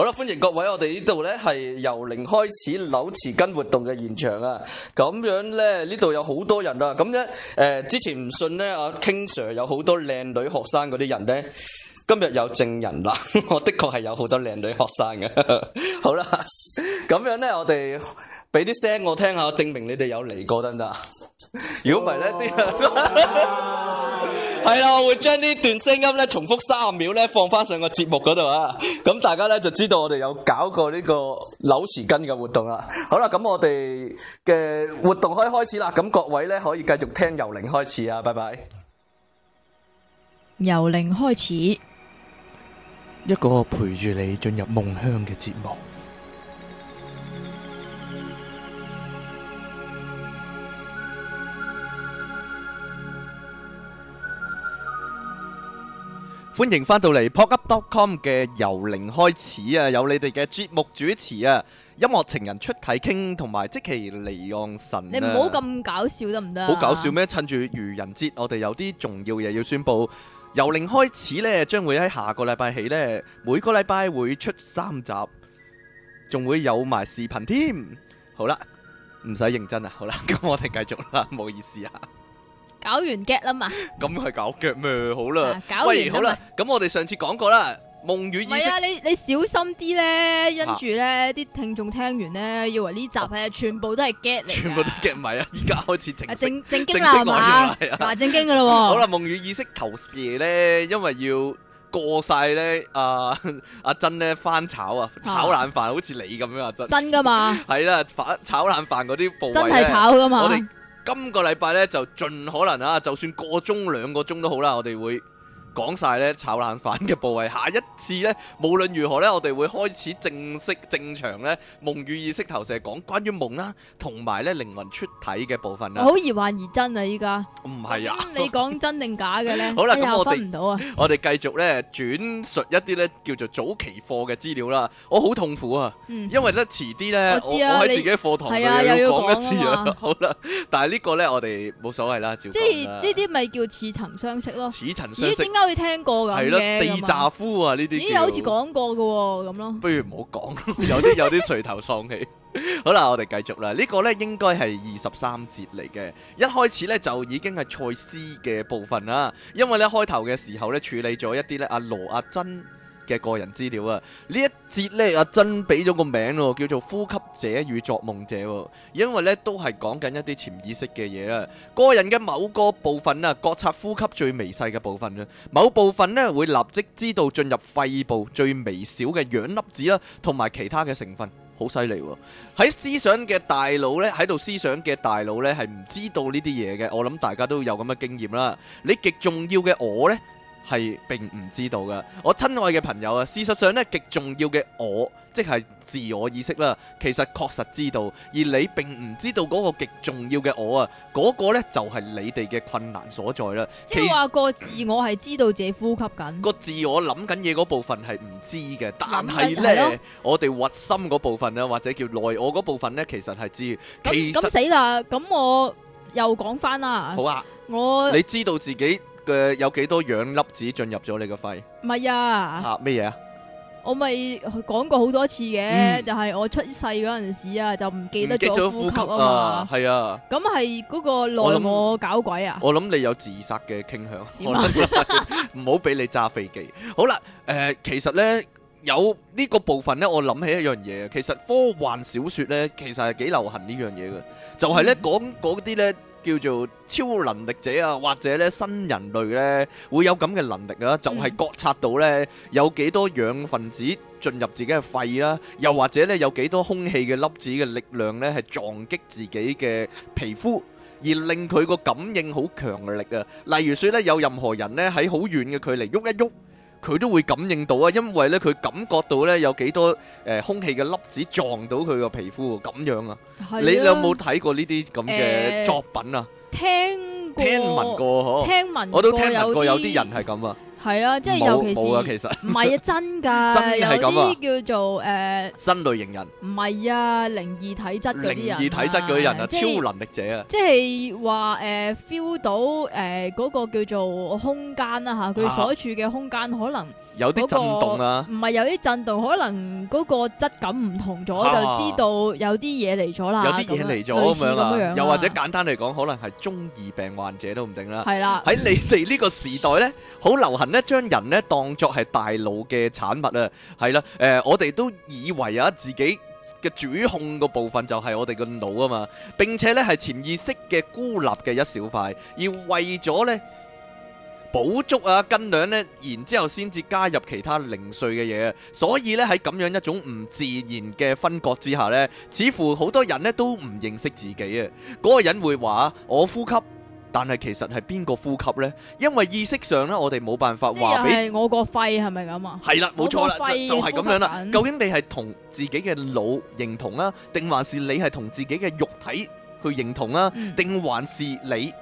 好啦，歡迎各位，我哋呢度呢係由零開始扭匙羹活動嘅現場啊！咁樣呢，呢度有好多人啊。咁樣誒、呃，之前唔信呢阿 King Sir 有好多靚女學生嗰啲人呢，今日有證人啦。 我的確係有好多靚女學生嘅。 好啦，咁樣呢，我哋俾啲聲我聽下，證明你哋有嚟過得唔得？如果唔係呢啲係啦， 我會將呢段聲音咧重複三十秒咧放翻上個節目嗰度啊！咁大家咧就知道我哋有搞過呢個扭匙羹嘅活動啦。好啦，咁我哋嘅活動可以開始啦。咁各位咧可以繼續聽由零開始啊！拜拜，由零開始，一個陪住你進入夢鄉嘅節目。歡迎翻到嚟 podcast.com 嘅由零開始啊，有你哋嘅節目主持啊，音樂情人出體傾，同埋即期離岸神啊。你唔好咁搞笑得唔得？好搞笑咩？趁住愚人節，我哋有啲重要嘢要宣布。由零開始呢，將會喺下個禮拜起呢，每個禮拜會出三集，仲會有埋視頻添。好啦，唔使認真啦，好啦，咁我哋繼續啦，唔好意思啊。搞完 get 啦嘛，咁係搞 get 咩，好啦，喂，好啦，咁我哋上次講過啦，夢與意識，係啊，你你小心啲咧，因住咧啲聽眾聽完咧，以為呢集係全部都係 get 嚟，全部都 get 埋啊，而家開始正正正經啦嘛，係啊，正經噶啦，好啦，夢與意識投射咧，因為要過晒咧，阿阿珍咧翻炒啊，炒冷飯，好似你咁樣啊，真噶嘛，係啦，炒冷飯嗰啲部位真係炒㗎嘛。今個禮拜咧就盡可能啊，就算個鐘、兩個鐘都好啦，我哋會。講晒咧，炒冷飯嘅部位，下一次咧無論如何咧，我哋會開始正式正常咧夢與意識投射講關於夢啦，同埋咧靈魂出體嘅部分啦。好疑幻而真啊！依家唔係啊，你講真定假嘅咧？好啦，咁我哋分唔到啊！我哋繼續咧轉述一啲咧叫做早期課嘅資料啦。我好痛苦啊，因為咧遲啲咧我喺自己課堂啊，又要講一次啊。好啦，但係呢個咧我哋冇所謂啦，照講啦。即係呢啲咪叫似曾相識咯，似曾相識。都有聽過噶，了地扎夫啊呢啲，咦，好似講過噶咁咯。不如唔好講，有啲有啲垂頭喪氣。 好啦，我哋繼續啦。呢、這個呢應該係二十三節嚟嘅，一開始呢就已經係賽斯嘅部分啦。因為呢開頭嘅時候呢處理咗一啲呢阿羅阿珍。啊嘅個人資料啊，呢一節呢阿珍俾咗個名咯，叫做呼吸者與作夢者，因為呢都係講緊一啲潛意識嘅嘢啊。個人嘅某個部分啊，覺察呼吸最微細嘅部分啊，某部分呢會立即知道進入肺部最微小嘅氧粒子啦，同埋其他嘅成分，好犀利喎。喺思想嘅大腦呢，喺度思想嘅大腦呢係唔知道呢啲嘢嘅。我諗大家都有咁嘅經驗啦。你極重要嘅我呢，係並唔知道㗎，我親愛嘅朋友啊，事實上呢，極重要嘅我，即係自我意識啦，其實確實知道，而你並唔知道嗰個極重要嘅我啊，嗰、嗰個呢，就係、係、你哋嘅困難所在啦。即係話個自我係知道自己呼吸緊，個自、嗯啊嗯啊、我諗緊嘢嗰部分係唔知嘅，但係呢，我哋核心嗰部分啊，或者叫內我嗰部分呢，其實係知。咁咁死啦！咁我又講翻啦。好啊。我，你知道自己，嘅有幾多氧粒子進入咗你個肺？唔係啊，吓咩嘢啊？我咪講過好多次嘅，就係我出世嗰陣時啊，就唔記得咗呼吸啊嘛，係啊。咁係嗰個內我搞鬼啊？我諗你有自殺嘅傾向，點解？唔好俾你揸飛機。好啦，誒，其實咧有呢個部分咧，我諗起一樣嘢，其實科幻小說咧，其實係幾流行呢樣嘢嘅，就係咧講嗰啲咧。叫做超能力者啊，或者咧新人類咧會有咁嘅能力啊，就係覺察到咧有幾多氧分子進入自己嘅肺啦，又或者咧有幾多空氣嘅粒子嘅力量咧係撞擊自己嘅皮膚，而令佢個感應好強力啊。例如說咧有任何人咧喺好遠嘅距離喐一喐。佢都會感應到啊，因為咧佢感覺到咧有幾多誒、呃、空氣嘅粒子撞到佢個皮膚咁樣啊！啊你，你有冇睇過呢啲咁嘅作品啊？呃、聽過，聽聞過嗬，聽聞我都聽聞過有啲人係咁啊。係啊，即係尤其是，其實唔係啊，真噶真係有啲叫做誒新類型人，唔係啊，靈異體質嗰啲人，靈異體質嘅人啊，超能力者啊，即係話誒 feel 到誒嗰個叫做空間啊吓，佢所住嘅空間可能有啲震動啊，唔係有啲震動，可能嗰個質感唔同咗，就知道有啲嘢嚟咗啦，有啲嘢嚟咗咁樣，又或者簡單嚟講，可能係中二病患者都唔定啦，係啦，喺你哋呢個時代咧，好流行。咧將人咧當作係大腦嘅產物啊，係啦，誒、呃，我哋都以為啊自己嘅主控部分就係我哋個腦啊嘛，並且咧係潛意識嘅孤立嘅一小塊，而為咗咧補足啊斤兩呢，然之後先至加入其他零碎嘅嘢，所以呢，喺咁樣一種唔自然嘅分割之下咧，似乎好多人咧都唔認識自己啊，嗰、那個人會話我呼吸。但係其實係邊個呼吸呢？因為意識上呢，我哋冇辦法話俾我個肺係咪咁啊？係啦，冇錯啦，就係、是、咁樣啦。究竟你係同自己嘅腦認同啊，定還是你係同自己嘅肉體去認同啊？定、嗯、還是你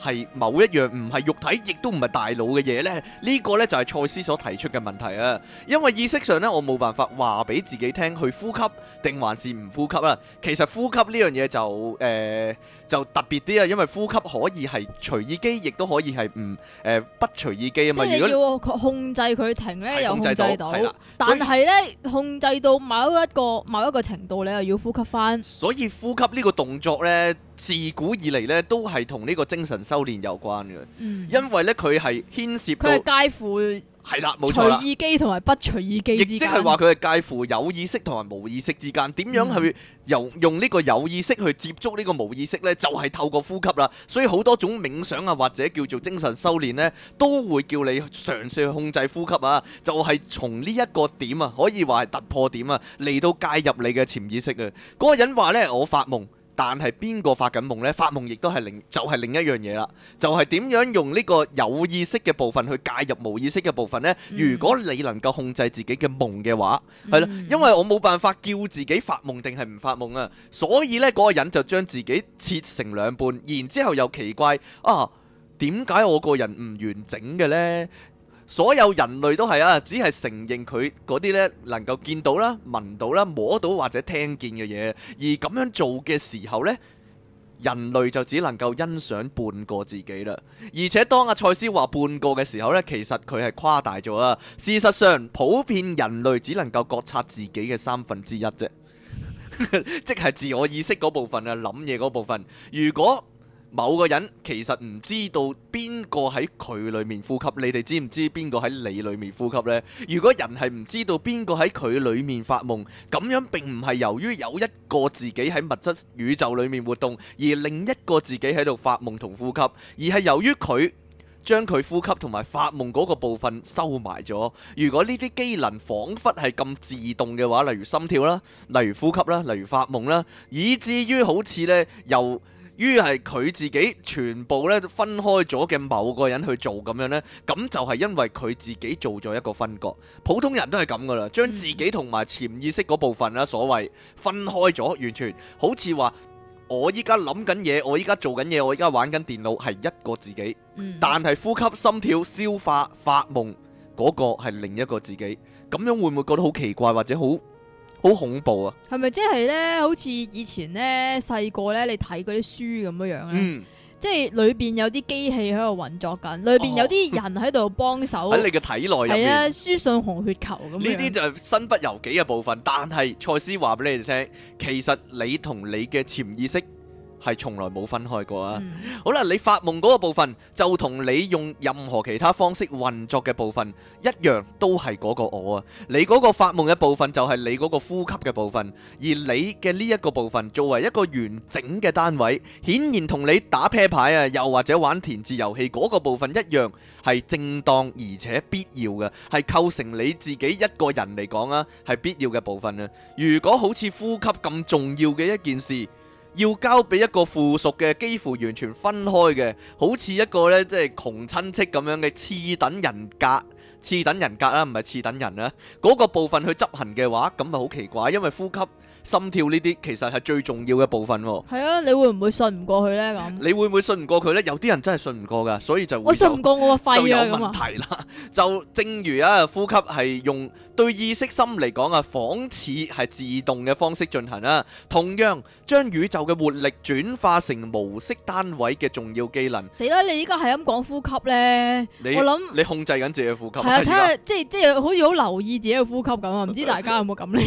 係某一樣唔係肉體，亦都唔係大腦嘅嘢呢？呢、呢個呢，就係蔡司所提出嘅問題啊！因為意識上呢，我冇辦法話俾自己聽去呼吸，定還是唔呼吸啦？其實呼吸呢樣嘢就誒。呃就特別啲啊，因為呼吸可以係隨意機，亦都可以係唔誒不隨意機啊嘛。如果你要控制佢停咧，是又控制到，控制到的但係咧以控制到某一個某一個程度，你又要呼吸翻。所以呼吸呢個動作咧，自古以嚟咧都係同呢個精神修煉有關嘅。嗯，因為咧佢係牽涉到佢係介乎。係啦，冇錯啦。隨意機同埋不隨意機即係話佢係介乎有意識同埋無意識之間。點樣去由用呢個有意識去接觸呢個無意識呢？就係透過呼吸啦。所以好多種冥想啊，或者叫做精神修練呢，都會叫你嘗試去控制呼吸啊。就係從呢一個點啊，可以話係突破點啊，嚟到介入你嘅潛意識嘅。嗰個人話呢，我發夢。但係邊個發緊夢呢？發夢亦都係另就係、是、另一樣嘢啦，就係、是、點樣用呢個有意識嘅部分去介入無意識嘅部分呢？如果你能夠控制自己嘅夢嘅話，係啦，因為我冇辦法叫自己發夢定係唔發夢啊，所以呢嗰個人就將自己切成兩半，然之後又奇怪啊，點解我個人唔完整嘅呢？所有人類都係啊，只係承認佢嗰啲呢，能夠見到啦、聞到啦、摸到或者聽見嘅嘢，而咁樣做嘅時候呢，人類就只能夠欣賞半個自己啦。而且當阿、啊、塞斯話半個嘅時候呢，其實佢係誇大咗啊。事實上，普遍人類只能夠覺察自己嘅三分之一啫， 即係自我意識嗰部分啊，諗嘢嗰部分。如果某個人其實唔知道邊個喺佢裏面呼吸，你哋知唔知邊個喺你裏面呼吸呢？如果人係唔知道邊個喺佢裏面發夢，咁樣並唔係由於有一個自己喺物質宇宙裏面活動，而另一個自己喺度發夢同呼吸，而係由於佢將佢呼吸同埋發夢嗰個部分收埋咗。如果呢啲機能彷彿係咁自動嘅話，例如心跳啦，例如呼吸啦，例如發夢啦，以至於好似呢由於係佢自己全部咧分開咗嘅某個人去做咁樣呢，咁就係因為佢自己做咗一個分割。普通人都係咁噶啦，將自己同埋潛意識嗰部分啦，所謂分開咗，完全好似話我依家諗緊嘢，我依家做緊嘢，我依家玩緊電腦係一個自己，但係呼吸、心跳、消化、發夢嗰個係另一個自己。咁樣會唔會覺得好奇怪或者好？好恐怖啊！係咪即係咧？好似以前咧，細個咧，你睇嗰啲書咁樣樣咧？嗯，即係裏邊有啲機器喺度運作緊，裏邊有啲人喺度幫手喺你嘅體內入啊，輸上紅血球咁。呢啲就係身不由己嘅部分，但係賽斯話俾你哋聽，其實你同你嘅潛意識。係從來冇分開過啊！Mm. 好啦，你發夢嗰個部分，就同你用任何其他方式運作嘅部分一樣，都係嗰個我啊！你嗰個發夢嘅部分，就係你嗰個呼吸嘅部分，而你嘅呢一個部分，作為一個完整嘅單位，顯然同你打啤牌啊，又或者玩填字遊戲嗰個部分一樣，係正當而且必要嘅，係構成你自己一個人嚟講啊，係必要嘅部分啊！如果好似呼吸咁重要嘅一件事。要交俾一個附屬嘅幾乎完全分開嘅，好似一個呢，即係窮親戚咁樣嘅次等人格，次等人格啦，唔係次等人啦，嗰個部分去執行嘅話，咁咪好奇怪，因為呼吸、心跳呢啲其實係最重要嘅部分喎、哦。係啊，你會唔會信唔過去呢？咁你會唔會信唔過佢呢？有啲人真係信唔過㗎，所以就，會就我信唔過我個肺、啊、有問題啦。 就正如啊，呼吸係用對意識心嚟講啊，仿似係自動嘅方式進行啊。同樣將宇宙嘅活力轉化成模式單位嘅重要機能。死啦！你依家係咁講呼吸呢？你我諗想你控制緊自己嘅呼吸。係啊，睇下在即即，即好似好留意自己嘅呼吸咁啊！唔知大家有冇咁咧？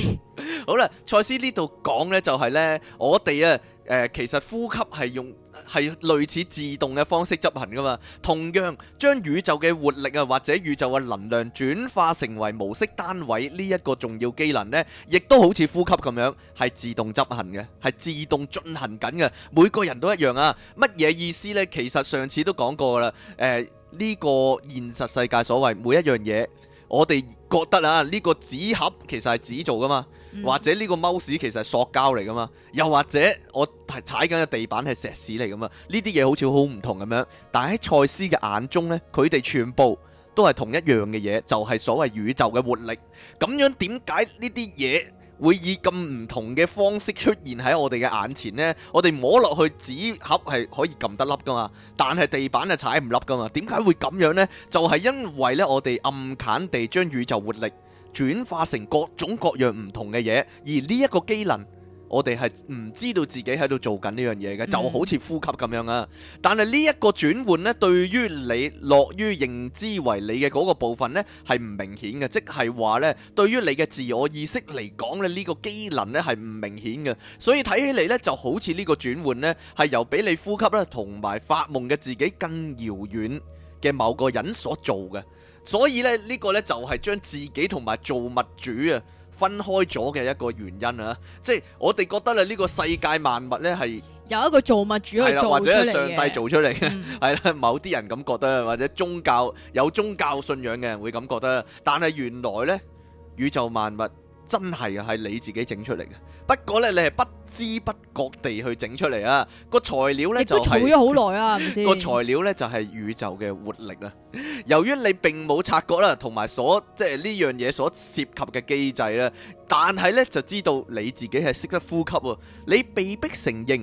好啦，賽斯呢度講呢就係呢、啊。我哋啊誒，其實呼吸係用係類似自動嘅方式執行噶嘛，同樣將宇宙嘅活力啊或者宇宙嘅能量轉化成為模式單位呢一個重要機能呢，亦都好似呼吸咁樣係自動執行嘅，係自動進行緊嘅，每個人都一樣啊。乜嘢意思呢？其實上次都講過啦，誒、呃、呢、呢個現實世界所謂每一樣嘢。我哋覺得啊，呢、這個紙盒其實係紙做噶嘛，嗯、或者呢個 mouse 其實係塑膠嚟噶嘛，又或者我係踩緊嘅地板係石屎嚟噶嘛，呢啲嘢好似好唔同咁樣。但係喺賽斯嘅眼中呢，佢哋全部都係同一樣嘅嘢，就係、是、所謂宇宙嘅活力。咁樣點解呢啲嘢？會以咁唔同嘅方式出現喺我哋嘅眼前呢？我哋摸落去紙盒係可以撳得笠噶嘛，但係地板就踩唔笠噶嘛。點解會咁樣呢？就係因為呢，我哋暗揀地將宇宙活力轉化成各種各樣唔同嘅嘢，而呢一個機能。我哋係唔知道自己喺度做緊呢樣嘢嘅，就好似呼吸咁樣啊！但係呢一個轉換呢，對於你落於認知為你嘅嗰個部分呢，係唔明顯嘅，即係話呢，對於你嘅自我意識嚟講咧，呢個機能呢係唔明顯嘅。所以睇起嚟呢，就好似呢個轉換呢，係由比你呼吸啦同埋發夢嘅自己更遙遠嘅某個人所做嘅。所以呢，呢個呢，就係將自己同埋做物主啊！分開咗嘅一個原因啊，即係我哋覺得啊，呢個世界萬物咧，係有一個造物主係或者上帝做出嚟嘅，係啦、嗯。某啲人咁覺得，或者宗教有宗教信仰嘅人會咁覺得，但係原來咧，宇宙萬物。真係啊，係你自己整出嚟嘅。不過呢，你係不知不覺地去整出嚟啊。個材料呢，就係儲咗好耐啦，個材料呢就係宇宙嘅活力啦。由於你並冇察覺啦，同埋所即係呢樣嘢所涉及嘅機制啦。但係呢就知道你自己係識得呼吸。你被逼承認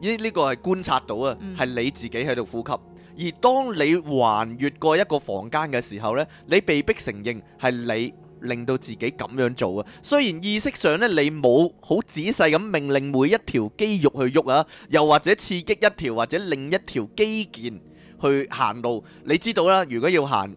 呢呢、這個係觀察到啊，係、嗯、你自己喺度呼吸。而當你橫越過一個房間嘅時候呢，你被逼承認係你。令到自己咁樣做啊！雖然意識上咧，你冇好仔細咁命令每一條肌肉去喐啊，又或者刺激一條或者另一條肌腱去行路。你知道啦，如果要行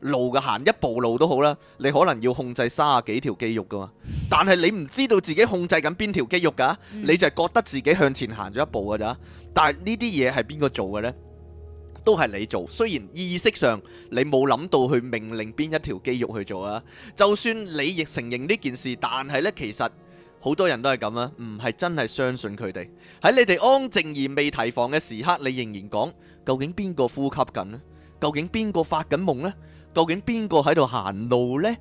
路嘅行一步路都好啦，你可能要控制三十幾條肌肉㗎嘛，但係你唔知道自己控制緊邊條肌肉㗎，你就係覺得自己向前行咗一步㗎咋。但係呢啲嘢係邊個做嘅呢？都係你做，雖然意識上你冇諗到去命令邊一條肌肉去做啊。就算你亦承認呢件事，但係呢，其實好多人都係咁啊，唔係真係相信佢哋。喺你哋安靜而未提防嘅時刻，你仍然講：究竟邊個呼吸緊呢？究竟邊個發緊夢呢？究竟邊個喺度行路呢？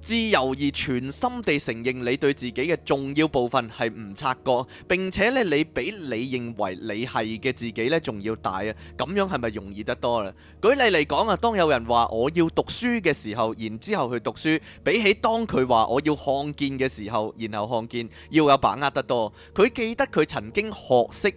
自由而全心地承認你對自己嘅重要部分係唔察覺，並且咧你比你認為你係嘅自己咧仲要大啊，咁樣係咪容易得多啦？舉例嚟講啊，當有人話我要讀書嘅時候，然之後去讀書，比起當佢話我要看見嘅時候，然後看見要有把握得多，佢記得佢曾經學識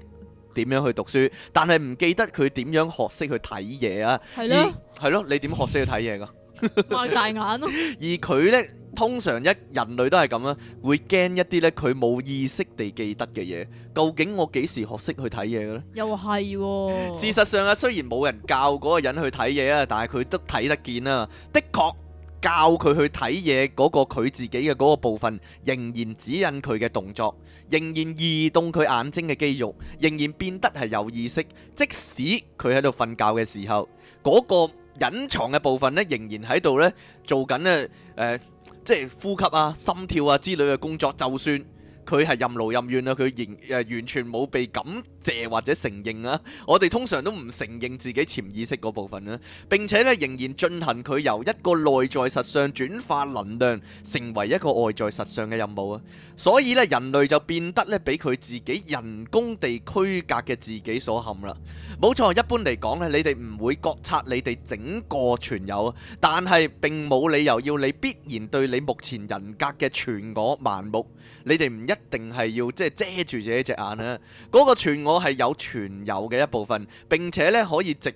點樣去讀書，但係唔記得佢點樣學識去睇嘢啊？係咯對了，你點學識去睇嘢噶？ 擘大眼咯，而佢咧通常一人類都係咁啦，會驚一啲咧佢冇意識地記得嘅嘢。究竟我幾時學識去睇嘢嘅咧？又係喎，事實上啊，雖然冇人教嗰個人去睇嘢啊，但係佢都睇得見啊。的確教佢去睇嘢嗰個佢自己嘅嗰個部分，仍然指引佢嘅動作，仍然移動佢眼睛嘅肌肉，仍然變得係有意識，即使佢喺度瞓覺嘅時候嗰個。隱藏嘅部分咧，仍然喺度咧做緊咧，誒、呃，即係呼吸啊、心跳啊之類嘅工作。就算佢係任勞任怨啊，佢仍誒、呃、完全冇被感。.謝或者承認啊，我哋通常都唔承認自己潛意識嗰部分啊，並且咧仍然進行佢由一個內在實相轉化能量，成為一個外在實相嘅任務啊。所以咧人類就變得咧畀佢自己人工地區隔嘅自己所陷啦。冇錯，一般嚟講咧，你哋唔會覺察你哋整個全有啊，但係並冇理由要你必然對你目前人格嘅全我盲目。你哋唔一定係要即係遮住自己隻眼啊，嗰個全我我係有存有嘅一部分，並且咧可以藉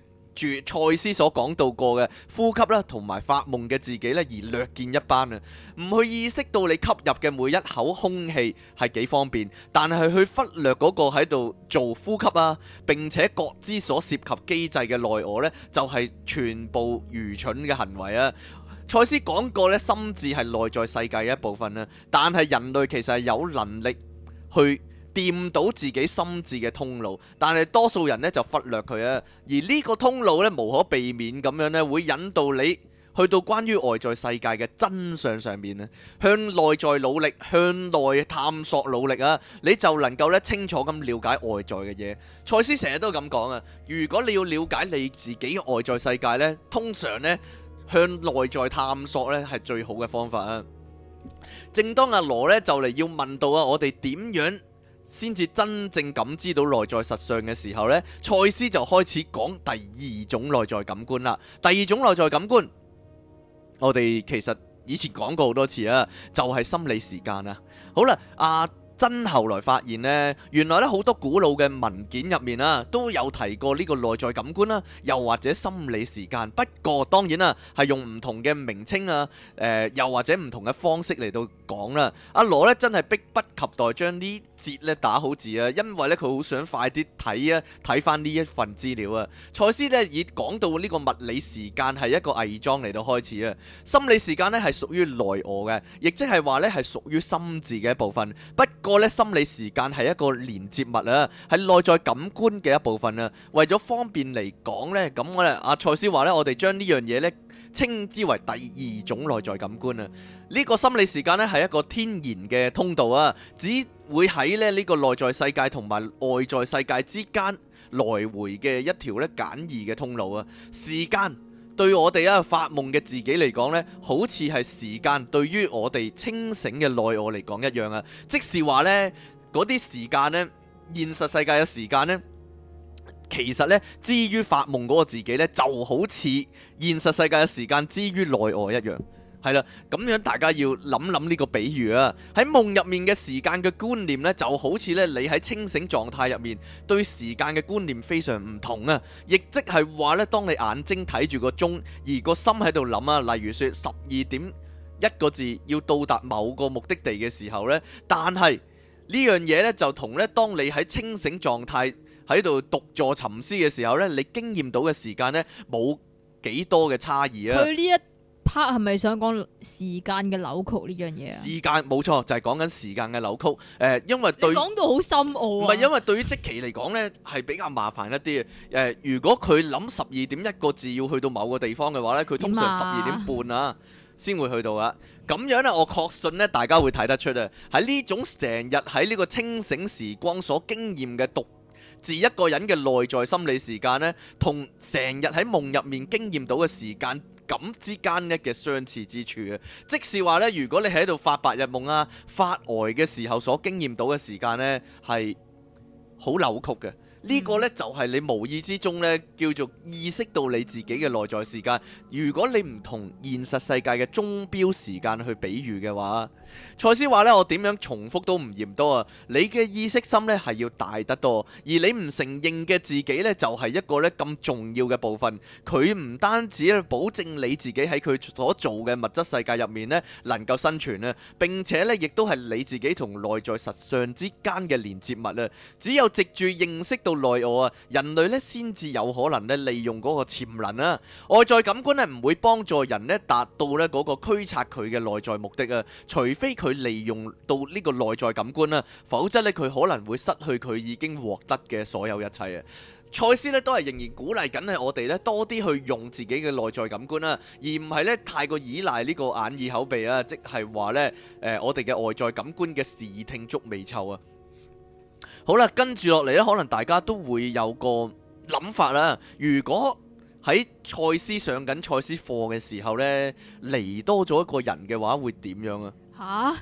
住賽斯所講到過嘅呼吸啦，同埋發夢嘅自己咧而略見一斑啊！唔去意識到你吸入嘅每一口空氣係幾方便，但係去忽略嗰個喺度做呼吸啊，並且覺知所涉及機制嘅內我呢，就係、是、全部愚蠢嘅行為啊！賽斯講過呢，心智係內在世界嘅一部分啊，但係人類其實係有能力去。掂到自己心智嘅通路，但係多數人呢就忽略佢啊。而呢個通路呢，無可避免咁樣呢，會引導你去到關於外在世界嘅真相上面啊。向內在努力，向內探索努力啊，你就能夠呢清楚咁了解外在嘅嘢。賽斯成日都係咁講啊。如果你要了解你自己外在世界呢，通常呢向內在探索呢係最好嘅方法啊。正當阿羅呢就嚟要問到啊，我哋點樣？先至真正感知到內在實相嘅時候呢，賽斯就開始講第二種內在感官啦。第二種內在感官，我哋其實以前講過好多次啊，就係心理時間啊。好啦，阿。真後來發現呢，原來咧好多古老嘅文件入面啊，都有提過呢個內在感官啦，又或者心理時間。不過當然啊，係用唔同嘅名稱啊，誒、呃，又或者唔同嘅方式嚟到講啦。阿羅呢真係迫不及待將呢節咧打好字啊，因為呢，佢好想快啲睇啊睇翻呢一份資料啊。賽斯呢已講到呢個物理時間係一個偽裝嚟到開始啊，心理時間呢係屬於內我嘅，亦即係話呢係屬於心智嘅一部分，不。個咧心理時間係一個連接物啊，係內在感官嘅一部分啊。為咗方便嚟講咧，咁我咧阿賽斯話咧，我哋將呢樣嘢咧稱之為第二種內在感官啊。呢個心理時間咧係一個天然嘅通道啊，只會喺咧呢個內在世界同埋外在世界之間來回嘅一條咧簡易嘅通路啊。時間。對我哋一個發夢嘅自己嚟講呢，好似係時間對於我哋清醒嘅內外嚟講一樣啊！即是話呢，嗰啲時間呢，現實世界嘅時間呢，其實呢，之於發夢嗰個自己呢，就好似現實世界嘅時間之於內外一樣。係啦，咁樣大家要諗諗呢個比喻啊！喺夢入面嘅時間嘅觀念呢，就好似咧你喺清醒狀態入面，對時間嘅觀念非常唔同啊！亦即係話咧，當你眼睛睇住個鐘，而個心喺度諗啊，例如說十二點一個字要到達某個目的地嘅時候呢。但係呢樣嘢呢，就同咧當你喺清醒狀態喺度獨坐沉思嘅時候呢，你經驗到嘅時間呢，冇幾多嘅差異啊！p 係咪想講時間嘅扭曲呢樣嘢啊？時間冇錯，就係講緊時間嘅扭曲。誒、呃，因為對講到好深奧啊！唔係因為對於即期嚟講呢，係比較麻煩一啲誒、呃。如果佢諗十二點一個字要去到某個地方嘅話呢，佢通常十二點半啊先會去到啊。咁樣呢，我確信呢，大家會睇得出啊。喺呢種成日喺呢個清醒時光所經驗嘅獨自一個人嘅內在心理時間呢，同成日喺夢入面經驗到嘅時間咁之間嘅嘅相似之處嘅，即是話呢，如果你喺度發白日夢啊、發呆嘅時候所經驗到嘅時間呢，係好扭曲嘅。呢個呢，就係你無意之中呢，叫做意識到你自己嘅內在時間。如果你唔同現實世界嘅鐘錶時間去比喻嘅話，賽斯話呢：「我點樣重複都唔嫌多啊！」你嘅意識心呢，係要大得多，而你唔承認嘅自己呢，就係一個呢咁重要嘅部分。佢唔單止保證你自己喺佢所做嘅物質世界入面呢，能夠生存啊，並且呢，亦都係你自己同內在實相之間嘅連接物啊。只有藉住認識到內外啊，人類咧先至有可能咧利用嗰個潛能啊。外在感官咧唔會幫助人咧達到咧嗰個驅策佢嘅內在目的啊。除非佢利用到呢個內在感官啦，否則咧佢可能會失去佢已經獲得嘅所有一切啊。賽斯咧都係仍然鼓勵緊係我哋咧多啲去用自己嘅內在感官啦，而唔係咧太過依賴呢個眼耳口鼻啊，即係話咧誒我哋嘅外在感官嘅視聽觸味嗅啊。好啦，跟住落嚟咧，可能大家都會有個諗法啦。如果喺賽斯上緊賽斯課嘅時候咧，嚟多咗一個人嘅話，會點樣啊？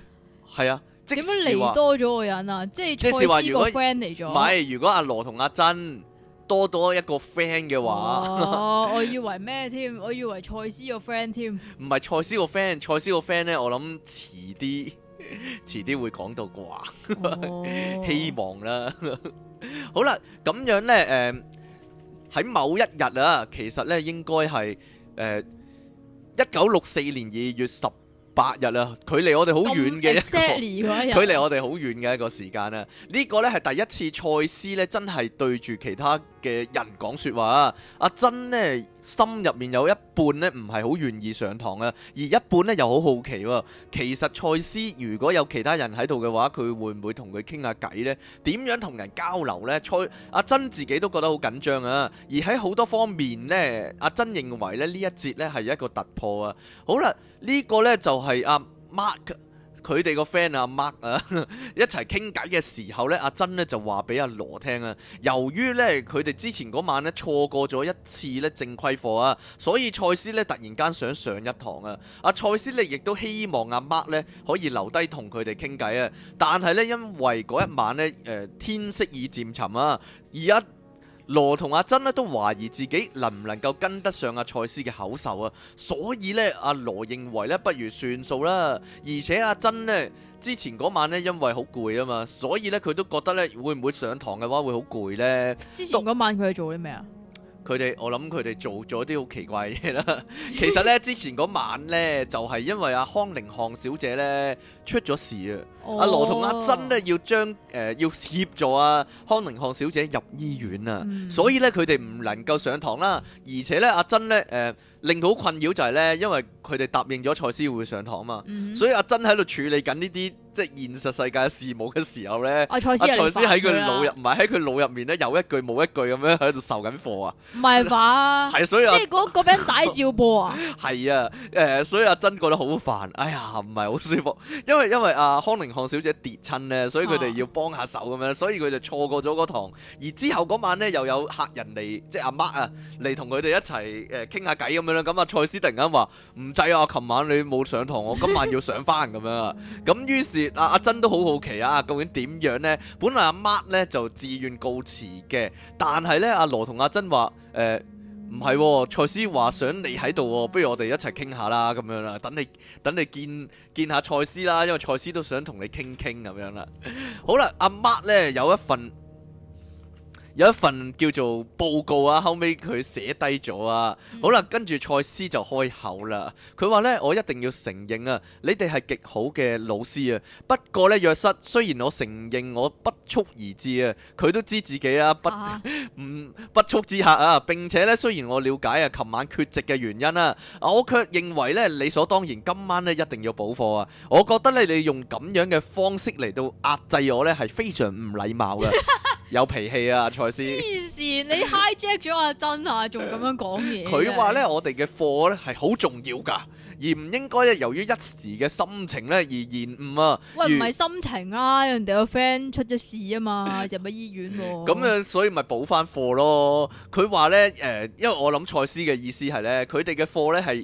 吓？係啊，點、啊、樣嚟多咗個人啊？即係賽斯個 friend 嚟咗。唔係，如果阿羅同阿珍多咗一個 friend 嘅話，啊，我以為咩添？我以為賽斯個 friend 添。唔係賽斯個 friend，賽斯個 friend 咧，我諗遲啲。遲啲會講到啩， 希望啦吧笑。好啦，咁樣呢，誒、呃，喺某一日啊，其實呢應該係誒一九六四年二月十八日啊，距離我哋好遠嘅一個，距離我哋好遠嘅一個時間啊。呢個呢係第一次賽斯呢真係對住其他嘅人講說話啊，阿珍呢心入面有一半呢唔係好願意上堂啊，而一半呢又好好奇喎、哦。其實賽斯如果有其他人喺度嘅話，佢會唔會同佢傾下偈呢？點樣同人交流呢？賽阿珍自己都覺得好緊張啊。而喺好多方面呢，阿珍認為呢呢一節呢係一個突破啊。好啦，呢、這個呢就係、是、阿、啊、Mark。佢哋個 friend 阿 Mark 啊，一齊傾偈嘅時候呢，阿珍呢就話俾阿羅聽啊。由於呢，佢哋之前嗰晚呢錯過咗一次呢正規課啊，所以賽斯呢突然間想上一堂啊。阿賽斯呢亦都希望阿 Mark 呢可以留低同佢哋傾偈啊。但係呢，因為嗰一晚呢，誒、呃、天色已漸沉啊，而一、啊羅同阿珍咧都懷疑自己能唔能夠跟得上阿賽斯嘅口授啊，所以咧阿羅認為咧不如算數啦。而且阿、啊、珍咧之前嗰晚咧因為好攰啊嘛，所以咧佢都覺得咧會唔會上堂嘅話會好攰咧。之前嗰晚佢係做啲咩啊？佢哋我諗佢哋做咗啲好奇怪嘢啦。其實咧之前嗰晚咧就係、是、因為阿、啊、康寧漢小姐咧出咗事了。阿、啊、羅同阿珍咧要將誒、呃、要協助阿、啊、康寧漢小姐入醫院啊，嗯、所以咧佢哋唔能夠上堂啦，而且咧阿珍咧誒令到好困擾就係咧，因為佢哋答應咗蔡思會上堂啊嘛，嗯、所以阿珍喺度處理緊呢啲即係現實世界嘅事務嘅時候咧，啊、蔡思蔡、啊啊、思喺佢腦入唔係喺佢腦入面咧有一句冇一句咁樣喺度受緊課啊，唔係吧？係，所以即係嗰嗰張底照噃啊，係啊誒、 啊呃，所以阿珍覺得好煩，哎呀唔係好舒服，因為因為阿康寧。唐小姐跌親咧，所以佢哋要幫下手咁樣，所以佢就錯過咗嗰堂。而之後嗰晚咧又有客人嚟，即係阿 Mark 啊嚟同佢哋一齊誒傾下偈咁樣啦。咁、呃、啊蔡司突然間話唔制啊，琴晚你冇上堂，我今晚要上翻咁樣啊。咁於是啊阿珍都好好奇啊，究竟點樣呢？本來阿 Mark 咧就自願告辭嘅，但係咧阿羅同阿珍話誒。呃唔係，賽斯話想你喺度喎，不如我哋一齊傾下啦，咁樣啦，等你等你見見下賽斯啦，因為賽斯都想同你傾傾咁樣啦。樣 好啦，阿、啊、Mark 咧有一份。有一份叫做報告啊，後尾佢寫低咗啊。好啦，跟住賽斯就開口啦。佢話呢：我一定要承認啊，你哋係極好嘅老師啊。不過呢，約瑟雖然我承認我不速而至啊，佢都知自己啊不唔不速之客啊。並且呢，雖然我了解啊，琴晚缺席嘅原因啊，我卻認為呢理所當然今晚呢一定要補課啊。我覺得呢你用咁樣嘅方式嚟到壓制我呢係非常唔禮貌嘅。有脾氣啊，蔡思！咩事？你 hijack 咗阿真啊，仲咁樣講嘢？佢話呢， 我哋嘅課呢係好重要㗎，而唔應該咧由於一時嘅心情呢而延誤啊！喂，唔係心情啊， 人哋個 friend 出咗事啊嘛，入咗醫院啊。咁 樣所以咪補翻課咯。佢話呢，誒、呃，因為我諗蔡思嘅意思係呢，佢哋嘅課呢係。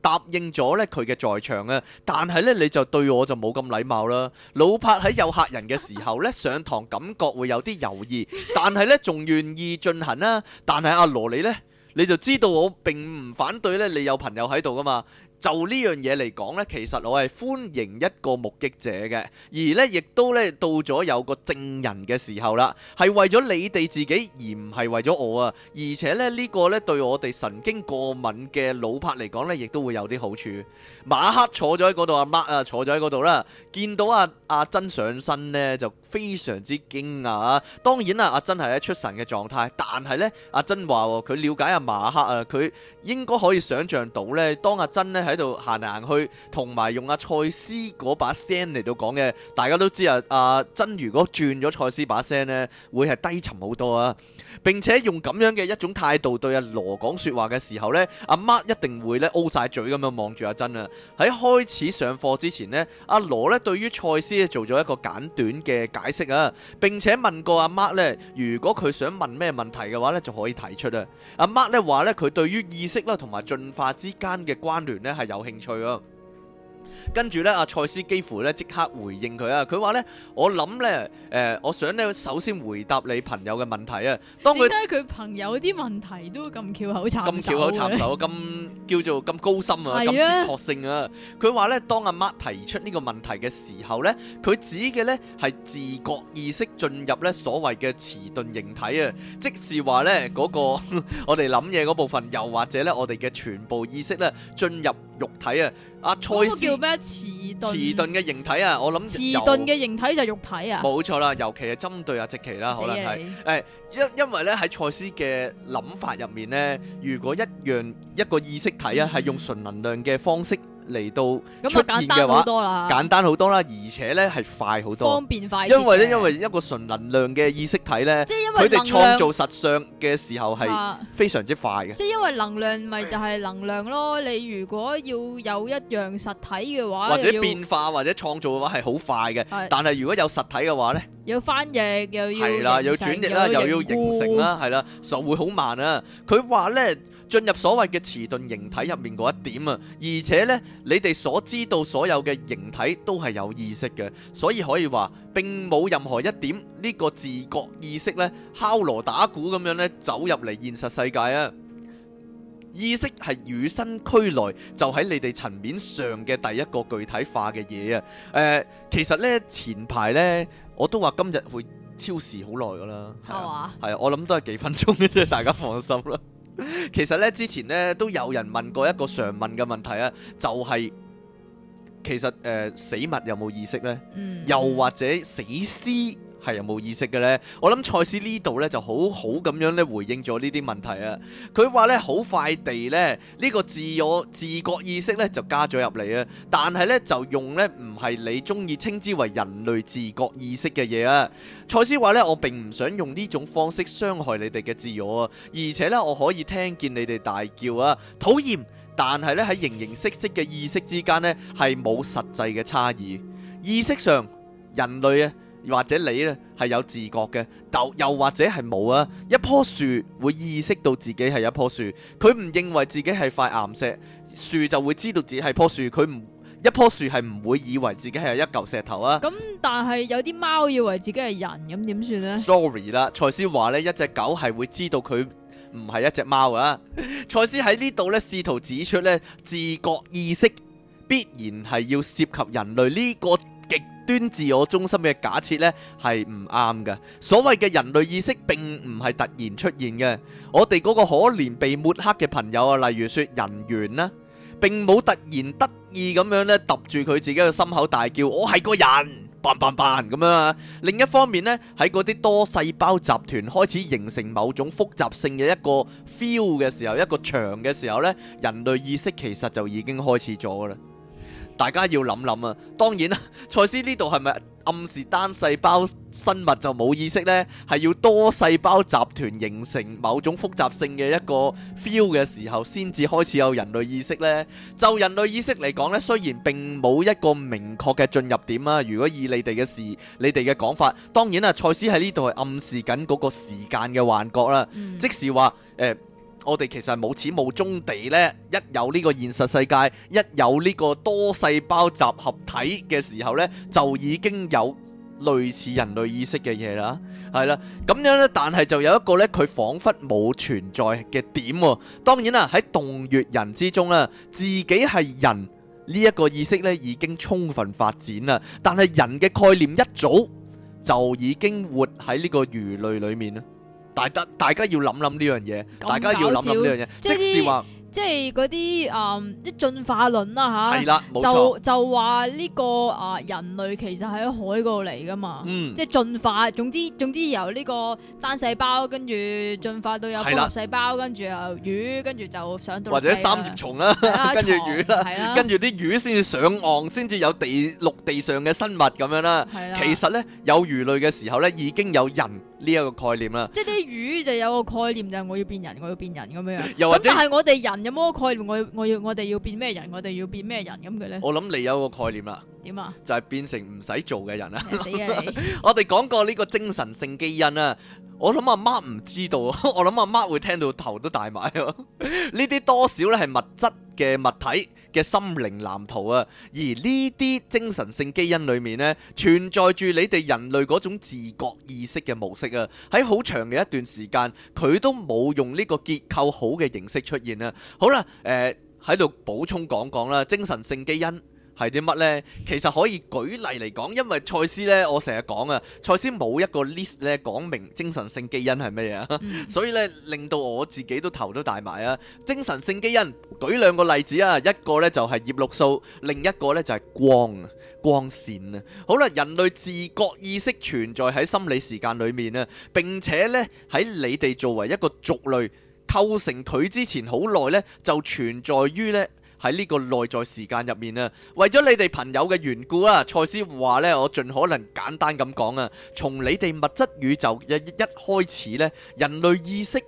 答應咗咧，佢嘅在場啊，但係咧你就對我就冇咁禮貌啦。老柏喺有客人嘅時候咧上堂，感覺會有啲猶豫，但係咧仲願意進行啦、啊。但係阿、啊、羅你呢，你就知道我並唔反對咧，你有朋友喺度噶嘛。就呢樣嘢嚟講咧，其實我係歡迎一個目擊者嘅，而咧亦都咧到咗有個證人嘅時候啦，係為咗你哋自己而唔係為咗我啊！而且咧呢個咧對我哋神經過敏嘅老拍嚟講咧，亦都會有啲好處，馬克坐咗喺度，阿 Mark 啊，坐咗喺度啦，見到阿阿珍上身咧，就非常之驚訝啊！當然啦，阿珍係一出神嘅狀態，但係咧阿珍話佢了解阿馬克啊，佢應該可以想象到咧，當阿珍咧，喺度行嚟行去，同埋用阿蔡思嗰把聲嚟到講嘅，大家都知啊。阿真如果轉咗蔡思把聲咧，會係低沉好多啊，並且用咁樣嘅一種態度對阿羅講說話嘅時候咧，阿、啊、mark 一定會咧 O 晒嘴咁樣望住阿真啊。喺開始上課之前咧，阿羅咧對於蔡思做咗一個簡短嘅解釋啊，並且問過阿、啊、mark 咧，如果佢想問咩問題嘅話咧，就可以提出啊。阿、啊、mark 咧話咧佢對於意識啦同埋進化之間嘅關聯咧。係有興趣嘅。跟住咧，阿蔡思幾乎咧即刻回應佢啊！佢話咧，我諗咧，誒，我想咧、呃，首先回答你朋友嘅問題啊。當佢即係佢朋友啲問題都咁翹口慘手，手，咁翹口慘手，咁叫做咁高深啊，咁哲學性啊。佢話咧，當阿 Mark 提出呢個問題嘅時候咧，佢指嘅咧係自覺意識進入咧所謂嘅遲鈍形體啊，即是話咧嗰個我哋諗嘢嗰部分，又或者咧我哋嘅全部意識咧進入肉體啊。阿蔡思。咩遲鈍？遲鈍嘅形體啊！我諗遲鈍嘅形體就係肉體啊！冇錯啦，尤其係針對阿、啊、席奇啦，好啦，可能係誒、欸，因因為咧喺賽斯嘅諗法入面咧，如果一樣一個意識體啊，係用純能量嘅方式。嗯嗯嚟到出現嘅話，簡單好多啦，而且咧係快好多，方便快，因為咧因為一個純能量嘅意識體咧，佢哋創造實相嘅時候係非常之快嘅、啊，即係因為能量咪就係能量咯。你如果要有一樣實體嘅話，或者變化或者創造嘅話係好快嘅，啊、但係如果有實體嘅話咧，有翻譯又要，係啦，有轉譯啦，又要形成啦，係啦，就會好慢啊。佢話咧。進入所謂嘅遲鈍形體入面嗰一點啊，而且咧，你哋所知道所有嘅形體都係有意識嘅，所以可以話，並冇任何一點呢個自覺意識咧敲鑼打鼓咁樣咧走入嚟現實世界啊！意識係與生俱來，就喺你哋層面上嘅第一個具體化嘅嘢啊！誒，其實咧前排咧我都話今日會超時好耐噶啦，係嘛？係啊，我諗都係幾分鐘嘅啫，大家放心啦。 其實咧之前咧都有人問過一個常問嘅問題啊，就係、是、其實誒、呃、死物有冇意識呢？嗯、又或者死屍？係有冇意識嘅呢。我諗賽斯呢度呢就好好咁樣咧回應咗呢啲問題啊！佢話呢，好快地呢，呢個自我自覺意識呢就加咗入嚟啊！但係呢，就用呢唔係你中意稱之為人類自覺意識嘅嘢啊！賽斯話呢，我並唔想用呢種方式傷害你哋嘅自我啊！而且呢，我可以聽見你哋大叫啊！討厭！但係呢，喺形形色色嘅意識之間呢，係冇實際嘅差異。意識上人類啊。或者你咧係有自覺嘅，又又或者係冇啊？一棵樹會意識到自己係一棵樹，佢唔認為自己係塊岩石，樹就會知道自己係棵樹，佢唔一棵樹係唔會以為自己係一嚿石頭啊。咁但係有啲貓以為自己係人，咁點算呢？Sorry 啦，蔡思話呢，一隻狗係會知道佢唔係一隻貓啊。蔡思喺呢度呢，試圖指出呢，自覺意識必然係要涉及人類呢個極端自我中心嘅假設呢係唔啱嘅。所謂嘅人類意識並唔係突然出現嘅。我哋嗰個可憐被抹黑嘅朋友啊，例如說人猿啦，並冇突然得意咁樣呢，揼住佢自己嘅心口大叫：我係個人！棒棒棒咁樣啊！另一方面呢，喺嗰啲多細胞集團開始形成某種複雜性嘅一個 feel 嘅時候，一個場嘅時候呢，人類意識其實就已經開始咗啦。大家要諗諗啊！當然啦，賽斯呢度係咪暗示單細胞生物就冇意識呢？係要多細胞集團形成某種複雜性嘅一個 feel 嘅時候，先至開始有人類意識呢。就人類意識嚟講呢，雖然並冇一個明確嘅進入點啊。如果以你哋嘅時，你哋嘅講法，當然啦、啊，賽斯喺呢度係暗示緊嗰個時間嘅幻覺啦，嗯、即使話誒。呃我哋其實冇始冇終地呢，一有呢個現實世界，一有呢個多細胞集合體嘅時候呢，就已經有類似人類意識嘅嘢啦。係啦，咁樣呢，但係就有一個呢，佢彷彿冇存在嘅點喎。當然啦，喺洞穴人之中啦，自己係人呢一個意識呢已經充分發展啦，但係人嘅概念一早就已經活喺呢個魚類裏面啦。大家大家要諗諗呢樣嘢，大家要諗諗呢樣嘢，即是啲，即係嗰啲誒，即進化論啦吓，係啦，冇錯，就就話呢個誒人類其實喺海嗰度嚟噶嘛，嗯，即係進化，總之總之由呢個單細胞跟住進化到有粒細胞，跟住有魚，跟住就上到或者三葉蟲啦，跟住魚啦，跟住啲魚先至上岸，先至有地陸地上嘅生物咁樣啦。係啦，其實咧有魚類嘅時候咧，已經有人。呢一個概念啦，即係啲魚就有個概念，就係、我要變人，我要變人咁樣。咁或但係我哋人有冇個概念？我要我要我哋要變咩人？我哋要變咩人咁嘅咧？呢我諗你有個概念啦。就係變成唔使做嘅人啊！ 我哋講過呢個精神性基因啦、啊，我諗阿媽唔知道，我諗阿媽會聽到頭都大埋，呢啲多少咧係物質嘅物體嘅心靈藍圖啊，而呢啲精神性基因裏面咧存在住你哋人類嗰種自覺意識嘅模式啊，喺好長嘅一段時間，佢都冇用呢個結構好嘅形式出現啦、啊。好啦，誒、呃，喺度補充講講啦，精神性基因。係啲乜咧？其實可以舉例嚟講，因為賽斯咧，我成日講啊，賽斯冇一個 list 咧講明精神性基因係咩嘢啊，所以咧令到我自己都頭都大埋啊！精神性基因，舉兩個例子啊，一個咧就係葉綠素，另一個咧就係光啊，光線啊。好啦，人類自覺意識存在喺心理時間裏面啊，並且咧喺你哋作為一個族類構成佢之前好耐咧，就存在於咧。喺呢個內在時間入面啊，為咗你哋朋友嘅緣故啊，賽斯話呢，我盡可能簡單咁講啊，從你哋物質宇宙一一開始呢，人類意識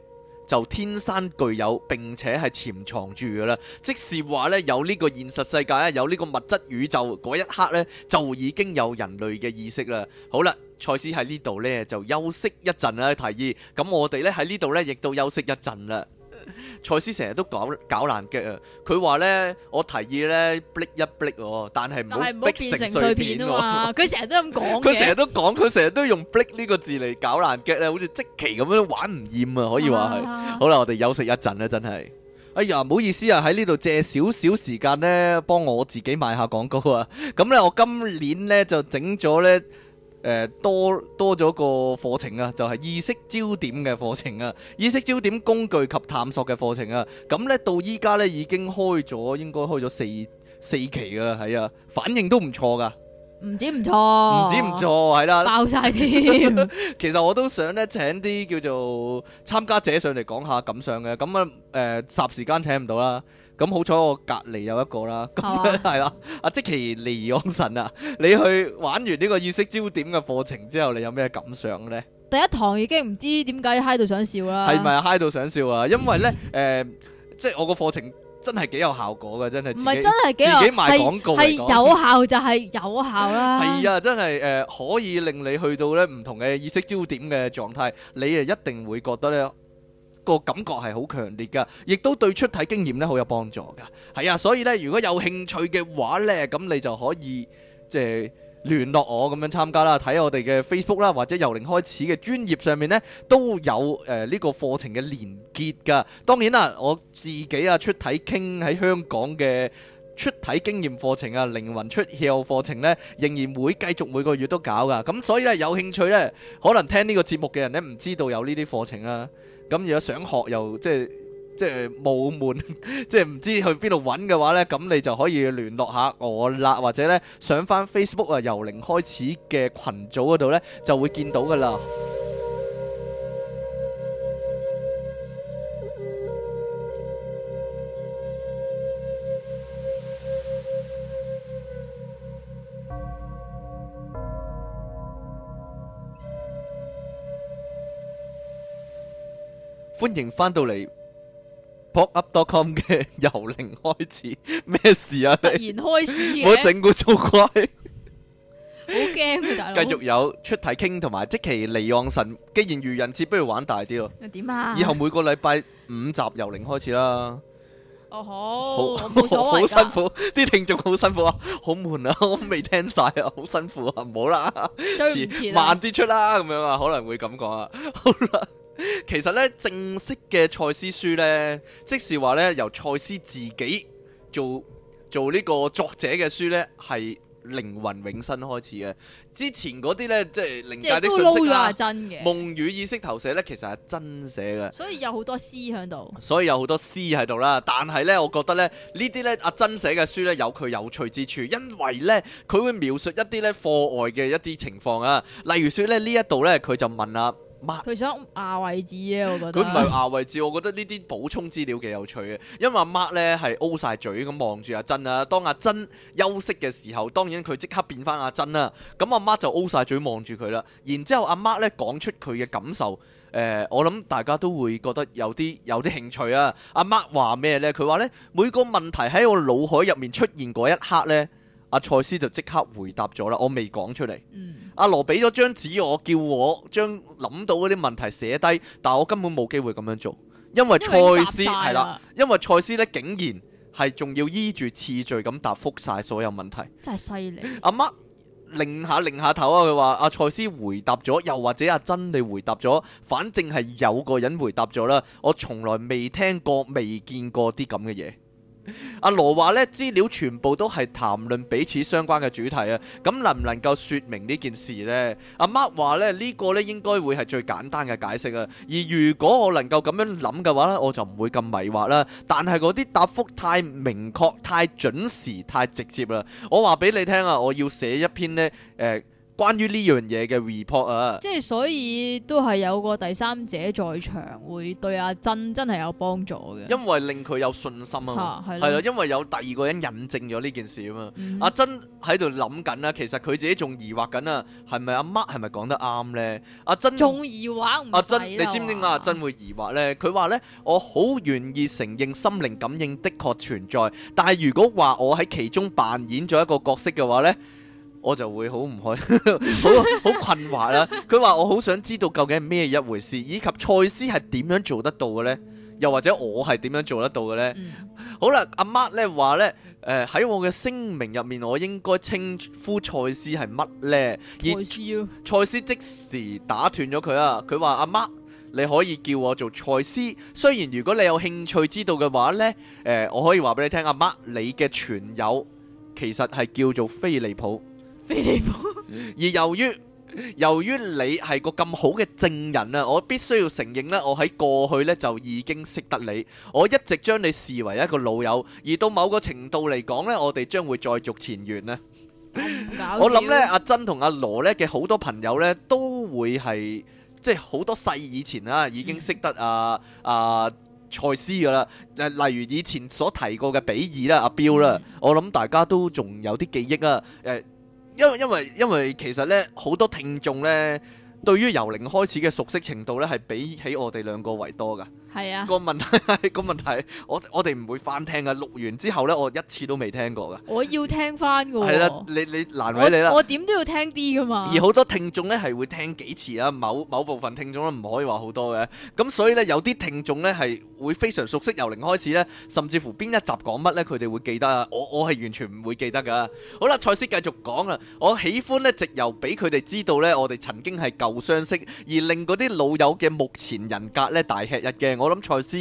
就天生具有，並且係潛藏住噶啦。即是話呢，有呢個現實世界啊，有呢個物質宇宙嗰一刻呢就已經有人類嘅意識啦。好啦，賽斯喺呢度呢就休息一陣啦，提議咁我哋呢喺呢度呢亦都休息一陣啦。賽斯成日都搞搞爛腳啊！佢話咧，我提議咧 break 一 break，但係唔好變成碎片啊嘛。佢成日都咁講，啊，佢成日都講，佢成日都用 break 呢個字嚟，搞爛腳咧，好似即期咁樣玩唔厭啊，可以話係。啊、好啦，我哋休息一陣啦，真係。哎呀，唔好意思啊，喺呢度借少少時間咧，幫我自己賣下廣告啊。咁咧，我今年咧就整咗咧。誒、呃、多多咗個課程啊，就係、是、意識焦點嘅課程啊，意識焦點工具及探索嘅課程啊。咁咧到依家咧已經開咗，應該開咗四四期噶啦，係啊，反應都唔錯噶，唔止唔錯，唔止唔錯，係啦、哦，啊、爆曬添。其實我都想咧請啲叫做參加者上嚟講下感想嘅，咁啊誒，霎時間請唔到啦。咁好彩我隔籬有一個啦，咁樣係啦。阿即其尼安神啊，你去玩完呢個意識焦點嘅課程之後，你有咩感想呢？第一堂已經唔知點解嗨到想笑啦。係咪嗨到想笑啊？因為呢，誒、 呃，即係我個課程真係幾有效果嘅，真係。唔係真係幾有自己賣廣告，係有效就係有效啦。係、呃、啊，真係誒、呃，可以令你去到呢唔同嘅意識焦點嘅狀態，你誒一定會覺得咧。個感覺係好強烈噶，亦都對出體經驗咧好有幫助噶。係啊，所以咧如果有興趣嘅話咧，咁你就可以即係聯絡我咁樣參加啦，睇我哋嘅 Facebook 啦，或者由零開始嘅專業上面咧都有誒呢、呃這個課程嘅連結噶。當然啦，我自己啊出體傾喺香港嘅出體經驗課程啊，靈魂出竅課程咧仍然會繼續每個月都搞噶。咁所以咧有興趣咧，可能聽個節呢個節目嘅人咧唔知道有呢啲課程啦。咁如果想學又即係即係冇門，即係唔知去邊度揾嘅話呢，咁你就可以聯絡下我啦，或者呢上翻 Facebook 啊由零開始嘅群組嗰度呢，就會見到噶啦。歡迎翻到嚟 pop up.com 嘅由零開始咩事啊？突然開始嘅，我整過做怪 好，好驚嘅大佬繼續有出體傾同埋即期離岸神，既然愚人節不如玩大啲咯。又點啊？以後每個禮拜五集由零開始啦。哦好，好冇所謂。 好辛苦，啲聽眾好辛苦啊，好悶啊，我未聽晒啊， 好辛苦啊，唔好啦，遲 慢啲出啦，咁樣啊，可能會咁講啊，好啦。 其實咧，正式嘅賽斯書咧，即是話咧，由賽斯自己做做呢個作者嘅書咧，係靈魂永生開始嘅。之前嗰啲咧，即係靈界啲信息嘅、啊。夢與意識投射咧，其實係珍寫嘅。所以有好多詩喺度，所以有好多詩喺度啦。但係咧，我覺得咧，呢啲咧，阿珍寫嘅書咧，有佢有趣之處，因為咧佢會描述一啲咧課外嘅一啲情況啊。例如說咧，呢一度咧佢就問啦、啊。佢 Mark, 想牙、啊、位置啊！我覺得佢唔係牙位置，我覺得呢啲補充資料幾有趣嘅，因為阿 Mark 咧係 O 晒嘴咁望住阿珍啊。當阿珍休息嘅時候，當然佢即刻變翻阿珍啦、啊。咁阿 Mark 就 O 晒嘴望住佢啦。然之後阿 Mark 咧講出佢嘅感受，誒、呃，我諗大家都會覺得有啲有啲興趣啊。阿 Mark 話咩咧？佢話咧每個問題喺我腦海入面出現嗰一刻咧。阿賽、啊、斯就即刻回答咗啦，我未講出嚟。阿、嗯啊、羅俾咗張紙我，我叫我將諗到嗰啲問題寫低，但我根本冇機會咁樣做，因為賽斯。係啦，因為賽斯呢竟然係仲要依住次序咁答覆晒所有問題，真係犀利。阿、啊、媽擰下擰下頭啊，佢話：阿、啊、賽斯回答咗，又或者阿珍你回答咗，反正係有個人回答咗啦。我從來未聽過、未見過啲咁嘅嘢。阿羅話咧資料全部都係談論彼此相關嘅主題啊，咁能唔能夠說明呢件事呢？阿 Mark 話咧，呢個咧應該會係最簡單嘅解釋啊，而如果我能夠咁樣諗嘅話咧，我就唔會咁迷惑啦。但係嗰啲答覆太明確、太準時、太直接啦。我話俾你聽啊，我要寫一篇呢。誒、呃。關於呢樣嘢嘅 report 啊，即係所以都係有個第三者在場，會對阿珍真係有幫助嘅。因為令佢有信心啊，係咯、啊，因為有第二個人引證咗呢件事啊嘛。嗯、阿珍喺度諗緊啦，其實佢自己仲疑惑緊啊，係咪阿 Mark 係咪講得啱呢？阿珍仲疑惑阿珍，阿珍你知唔知阿珍會疑惑呢？佢話呢，我好願意承認心靈感應的確存在，但係如果話我喺其中扮演咗一個角色嘅話呢。我就會 好唔開，好好 困惑啦。佢話我好想知道究竟係咩一回事，以及賽斯係點樣做得到嘅呢？又或者我係點樣做得到嘅呢？嗯、好啦，阿媽咧話呢，誒喺、呃、我嘅聲明入面，我應該稱呼賽斯係乜呢？賽斯即時打斷咗佢啊！佢話：阿媽，你可以叫我做賽斯。雖然如果你有興趣知道嘅話呢，誒、呃、我可以話俾你聽，阿媽你嘅全友其實係叫做菲利普。 而由於由於你係個咁好嘅證人啊，我必須要承認呢，我喺過去呢就已經識得你，我一直將你視為一個老友，而到某個程度嚟講呢，我哋將會再續前緣呢。 我諗呢， 阿珍同阿羅呢嘅好多朋友呢，都會係即係好多世以前啊，已經識得阿阿賽斯噶啦。誒，例如以前所提過嘅比爾啦、阿、啊、彪啦，嗯、我諗大家都仲有啲記憶啊。誒、啊。因為因為因為其實咧，好多聽眾咧，對於由零開始嘅熟悉程度咧，係比起我哋兩個為多噶。係啊，個問題，個問題，我我哋唔會翻聽噶，錄完之後咧，我一次都未聽過噶。我要聽翻㗎喎。係啦，你你難為你啦。我點都要聽啲噶嘛。而好多聽眾咧係會聽幾次啊，某某部分聽眾都唔可以話好多嘅。咁所以咧有啲聽眾咧係會非常熟悉由零開始咧，甚至乎邊一集講乜咧佢哋會記得啊。我我係完全唔會記得噶。好啦，賽斯繼續講啦。我喜歡咧直由俾佢哋知道咧，我哋曾經係舊相識，而令嗰啲老友嘅目前人格咧大吃一驚。我諗蔡思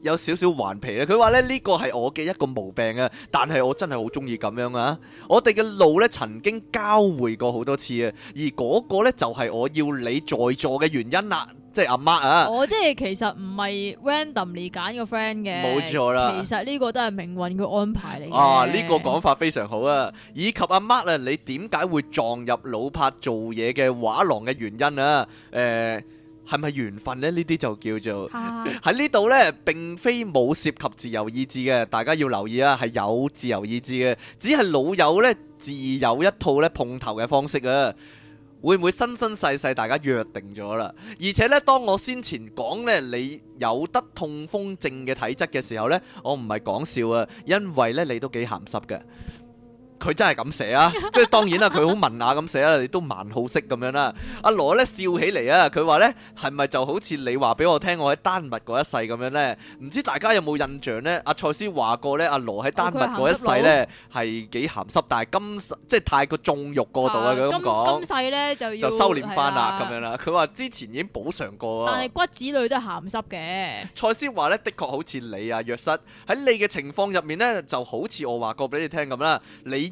有少少頑皮咧，佢話咧呢個係我嘅一個毛病啊，但係我真係好中意咁樣啊！我哋嘅路咧曾經交匯過好多次啊，而嗰個咧就係我要你在座嘅原因啦，即係阿 Mark 啊！我即係其實唔係 randomly 揀個 friend 嘅，冇錯啦。其實呢個都係命運嘅安排嚟。啊，呢個講法非常好啊！以及阿 Mark 啊，你點解會撞入老帕做嘢嘅畫廊嘅原因啊？誒。係咪緣分呢？呢啲就叫做喺呢度呢，並非冇涉及自由意志嘅，大家要留意啊！係有自由意志嘅，只係老友呢，自有一套呢碰頭嘅方式啊！會唔會生生世世大家約定咗啦？而且呢，當我先前講呢，你有得痛風症嘅體質嘅時候呢，我唔係講笑啊，因為呢，你都幾鹹濕嘅。佢真係咁寫啊！ 即係當然啦、啊，佢好文雅咁寫啦、啊，你都蠻好色咁樣啦、啊。阿羅咧笑起嚟啊，佢話咧係咪就好似你話俾我聽，我喺丹麥嗰一世咁樣咧？唔知大家有冇印象咧？阿、啊、蔡思話過咧，阿羅喺丹麥嗰一世咧係幾鹹濕，但係今世即係太過縱欲過度啊。佢咁講。今世咧就就收斂翻啦，咁、啊、樣啦。佢話之前已經補償過啦。但係骨子裏都係鹹濕嘅。蔡思話咧，的確好似你啊，約瑟喺你嘅情況入面咧，就好似我話過俾你聽咁啦，你。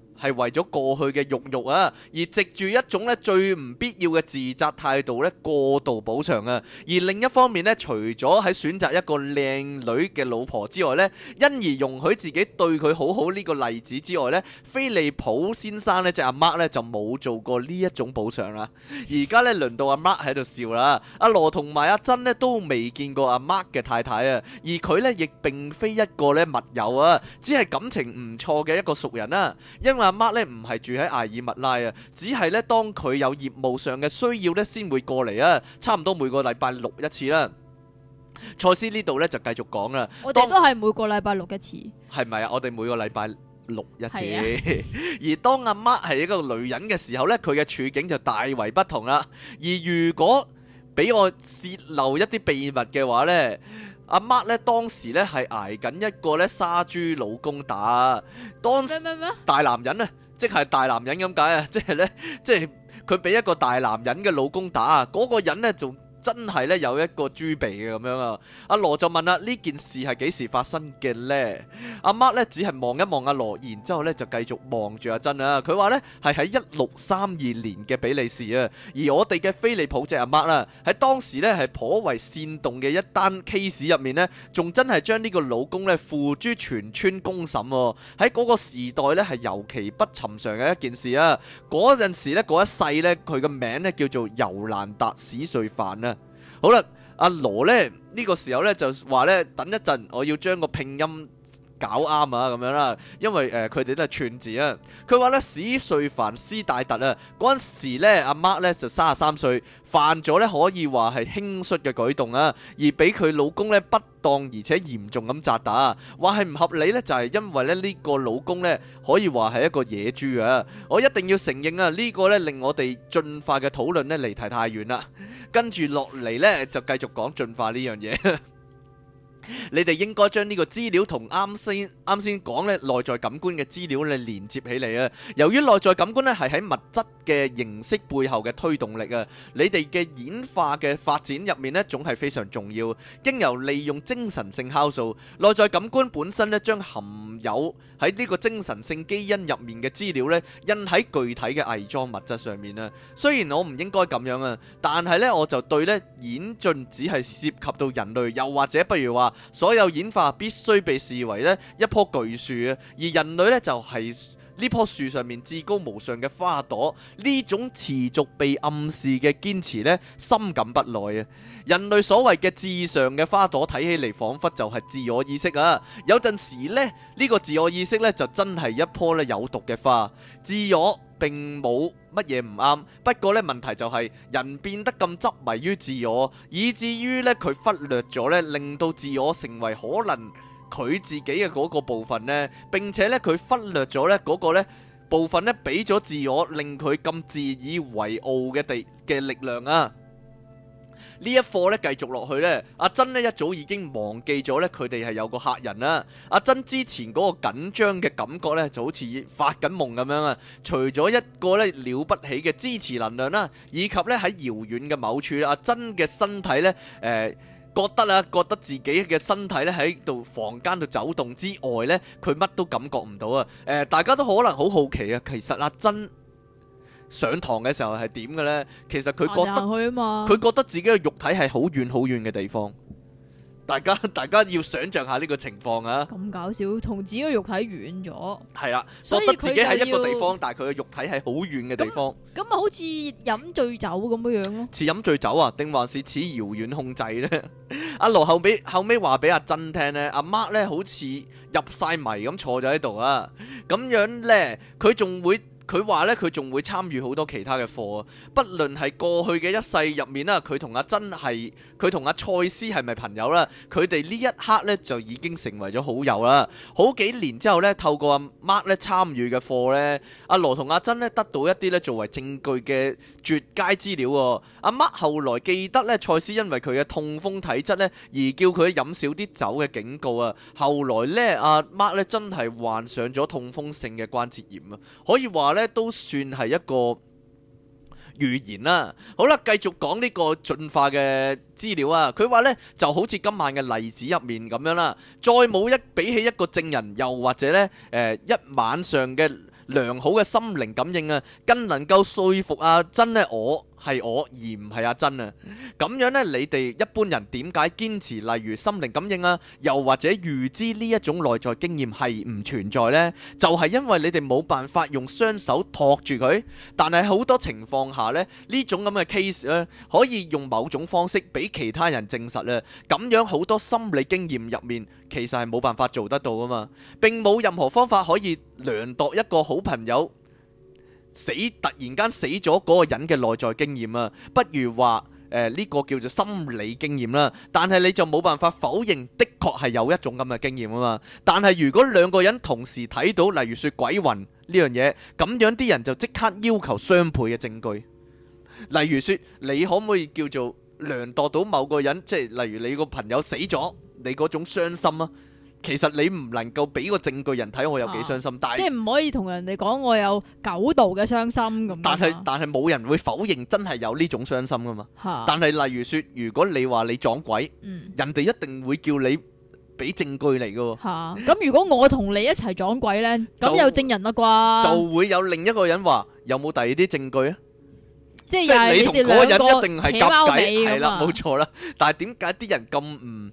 係為咗過去嘅肉慾啊，而藉住一種咧最唔必要嘅自責態度咧過度補償啊！而另一方面咧，除咗喺選擇一個靚女嘅老婆之外咧，因而容許自己對佢好好呢個例子之外咧，菲利普先生咧即阿 Mark 咧就冇做過呢一種補償啦。而家咧輪到阿 Mark 喺度笑啦，阿羅同埋阿珍咧都未見過阿 Mark 嘅太太啊，而佢咧亦並非一個咧密友啊，只係感情唔錯嘅一個熟人啦，因為，阿媽咧唔係住喺艾爾物拉啊，只係咧當佢有業務上嘅需要咧，先會過嚟啊。差唔多每個禮拜六一次啦。蔡司呢度咧就繼續講啦。我哋都係每個禮拜六一次。係咪啊？我哋每個禮拜六一次。而當阿媽係一個女人嘅時候咧，佢嘅處境就大為不同啦。而如果俾我洩漏一啲秘密嘅話咧。阿媽咧，當時咧係挨緊一個咧沙豬老公打，當大男人咧，即係大男人咁解啊，即係咧，即係佢俾一個大男人嘅老公打，嗰個人咧仲。真係咧有一個豬鼻嘅咁樣啊！阿羅就問啦：呢件事係幾時發生嘅咧？阿、啊、mark 咧只係望一望阿羅，然之後咧就繼續望住阿珍啊！佢話咧係喺一六三二年嘅比利時啊，而我哋嘅菲利普即係阿麥啦，喺當時咧係頗為煽動嘅一單 case 入面咧，仲真係將呢個老公咧付諸全村公審喎、啊！喺嗰個時代咧係尤其不尋常嘅一件事啊！陣時咧一世咧佢嘅名咧叫做尤蘭達史瑞凡啊！好啦，阿羅呢？呢個時候呢，就話呢：「等一陣，我要將個拼音。」搞啱啊，咁樣啦，因為誒，佢、呃、哋都係串字啊。佢話咧史瑞凡斯大達啊，嗰陣時咧阿 Mark 咧就三十三歲，犯咗咧可以話係輕率嘅舉動啊，而俾佢老公咧不當而且嚴重咁責打，話係唔合理咧，就係、是、因為咧呢、這個老公咧可以話係一個野豬啊。我一定要承認啊，這個、呢個咧令我哋進化嘅討論呢，離題太遠啦。跟住落嚟咧就繼續講進化呢樣嘢。你哋應該將呢個資料同啱先啱先講咧內在感官嘅資料咧連接起嚟啊！由於內在感官咧係喺物質嘅形式背後嘅推動力啊，你哋嘅演化嘅發展入面咧總係非常重要。經由利用精神性酵素，內在感官本身咧將含有喺呢個精神性基因入面嘅資料咧印喺具體嘅偽裝物質上面啦。雖然我唔應該咁樣啊，但係咧我就對咧演進只係涉及到人類，又或者不如話。所有演化必須被視為咧一棵巨樹啊，而人類咧就係、是。呢棵樹上面至高無上嘅花朵，呢種持續被暗示嘅堅持呢深感不耐啊！人類所謂嘅至上嘅花朵，睇起嚟仿佛就係自我意識啊！有陣時呢，呢、呢個自我意識呢，就真係一棵咧有毒嘅花。自我並冇乜嘢唔啱，不過呢問題就係人變得咁執迷於自我，以至於呢，佢忽略咗呢令到自我成為可能。佢自己嘅嗰個部分呢，並且呢，佢忽略咗呢嗰個咧部分呢，俾咗自我令佢咁自以為傲嘅地嘅力量啊！呢一課呢，繼續落去呢，阿珍呢一早已經忘記咗呢，佢哋係有個客人啦。阿珍之前嗰個緊張嘅感覺呢，就好似發緊夢咁樣啊！除咗一個呢了不起嘅支持能量啦，以及呢喺遙遠嘅某處，阿珍嘅身體呢。誒、呃。覺得啦，覺得自己嘅身體咧喺度房間度走動之外呢，佢乜都感覺唔到啊！誒、呃，大家都可能好好奇啊，其實阿珍上堂嘅時候係點嘅呢？其實佢覺得佢，啊、覺得自己嘅肉體係好遠好遠嘅地方。大家大家要想象下呢個情況啊！咁搞笑，同自己個肉體遠咗，係啦、啊，所以 覺得自己喺一個地方，但係佢個肉體係好遠嘅地方。咁啊，好似飲醉酒咁樣樣咯。似飲醉酒啊？定還是似遙遠控制咧？阿 羅、啊、後尾後尾話俾阿珍聽咧，阿 Mark 咧好似入晒迷咁坐咗喺度啊！咁樣咧，佢仲會。佢話咧，佢仲會參與好多其他嘅課，不論係過去嘅一世入面啦，佢同阿珍係佢同阿賽斯係咪朋友啦？佢哋呢一刻咧就已經成為咗好友啦。好幾年之後咧，透過阿 Mark 咧參與嘅課咧，阿羅同阿珍咧得到一啲咧作為證據嘅絕佳資料。阿 Mark 後來記得咧，賽斯因為佢嘅痛風體質咧，而叫佢飲少啲酒嘅警告啊。後來咧，阿 Mark 咧真係患上咗痛風性嘅關節炎啊，可以話咧。都算係一個預言啦。好啦，繼續講呢個進化嘅資料啊。佢話咧，就好似今晚嘅例子入面咁樣啦。再冇一比起一個證人，又或者咧誒、呃、一晚上嘅良好嘅心靈感應啊，更能夠說服啊真係我，係我而唔係阿珍啊！咁樣咧，你哋一般人點解堅持例如心靈感應啊，又或者預知呢一種內在經驗係唔存在咧？就係因為你哋冇辦法用雙手托住佢。但係好多情況下咧，呢種咁嘅 case 咧，可以用某種方式俾其他人證實咧。咁樣好多心理經驗入面，其實係冇辦法做得到噶嘛。並冇任何方法可以量度一個好朋友。死突然間死咗嗰個人嘅內在經驗啊，不如話誒呢個叫做心理經驗啦，但係你就冇辦法否認的確係有一種咁嘅經驗啊嘛。但係如果兩個人同時睇到，例如說鬼魂呢樣嘢，咁樣啲人就即刻要求雙倍嘅證據。例如說，你可唔可以叫做量度到某個人，即係例如你個朋友死咗，你嗰種傷心啊？其實你唔能夠俾個證據人睇我有幾傷心，但係即係唔可以同人哋講我有九度嘅傷心咁。但係但係冇人會否認真係有呢種傷心噶嘛。但係例如說，如果你話你撞鬼，人哋一定會叫你俾證據嚟噶。咁如果我同你一齊撞鬼呢，咁有證人啦啩？就會有另一個人話有冇第二啲證據咧？即係你同嗰人一定係夾計係啦，冇錯啦。但係點解啲人咁唔？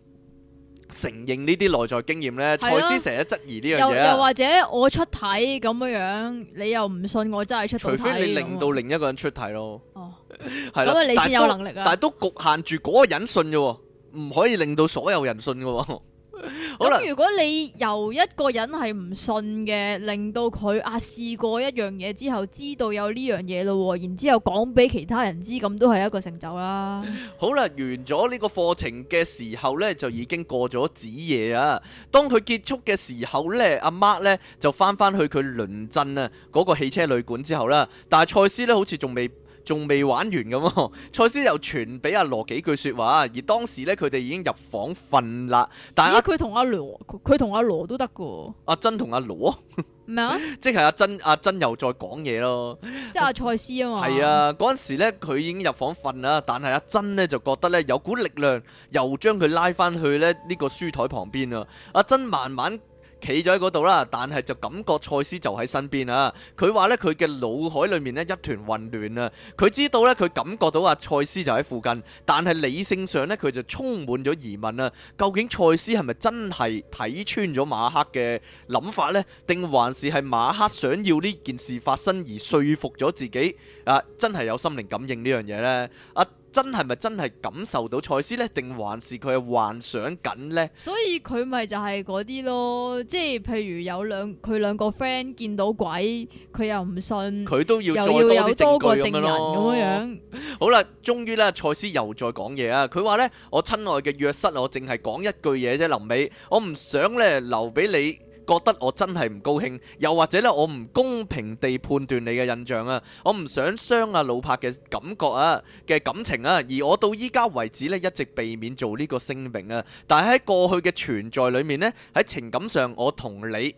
承認呢啲內在經驗咧，才、啊、思成日質疑呢樣嘢。又又或者我出體咁樣樣，你又唔信我真係出體。除非你令到另一個人出體咯。哦，係啦，都你先有能力啊。但係都局限住嗰個人信嘅、啊，唔可以令到所有人信嘅、啊。 咁 如果你由一個人係唔信嘅，令到佢啊試過一樣嘢之後，知道有呢樣嘢咯，然之後講俾其他人知，咁都係一個成就啦。 好啦，完咗呢個課程嘅時候呢，就已經過咗子夜啊。當佢結束嘅時候呢，阿、啊、Mark 呢，就翻翻去佢鄰鎮啊嗰個汽車旅館之後啦，但係賽斯呢，好似仲未。仲未玩完咁喎，蔡思又傳俾阿羅幾句説話，而當時咧佢哋已經入房瞓啦。但係佢同阿羅，佢同阿羅都得噶。阿珍同阿羅咩啊？ 麼即係阿珍，阿珍又再講嘢咯，即係阿蔡思啊嘛。係啊，嗰陣、啊、時咧佢已經入房瞓啦，但係阿珍咧就覺得咧有股力量，又將佢拉翻去咧呢、呢個書台旁邊啊。阿珍慢慢，企咗喺嗰度啦，但係就感覺賽斯就喺身邊啊！佢話呢，佢嘅腦海裏面呢，一團混亂啊！佢知道呢，佢感覺到阿賽斯就喺附近，但係理性上呢，佢就充滿咗疑問啊！究竟賽斯係咪真係睇穿咗馬克嘅諗法呢？定還是係馬克想要呢件事發生而説服咗自己啊？真係有心靈感應呢樣嘢呢？啊！真係咪真係感受到蔡思咧？定還是佢係幻想緊咧？所以佢咪就係嗰啲咯，即係譬如有兩佢兩個 friend 見到鬼，佢又唔信，佢都要又要有多個證人咁樣。好啦，終於啦，蔡思又再講嘢啊！佢話咧，我親愛嘅約瑟，我淨係講一句嘢啫，臨尾我唔想咧留俾你，覺得我真係唔高興，又或者咧我唔公平地判斷你嘅印象啊，我唔想傷阿老柏嘅感覺啊嘅感情啊，而我到依家為止咧一直避免做呢個聲明啊，但係喺過去嘅存在裏面咧，喺情感上我同你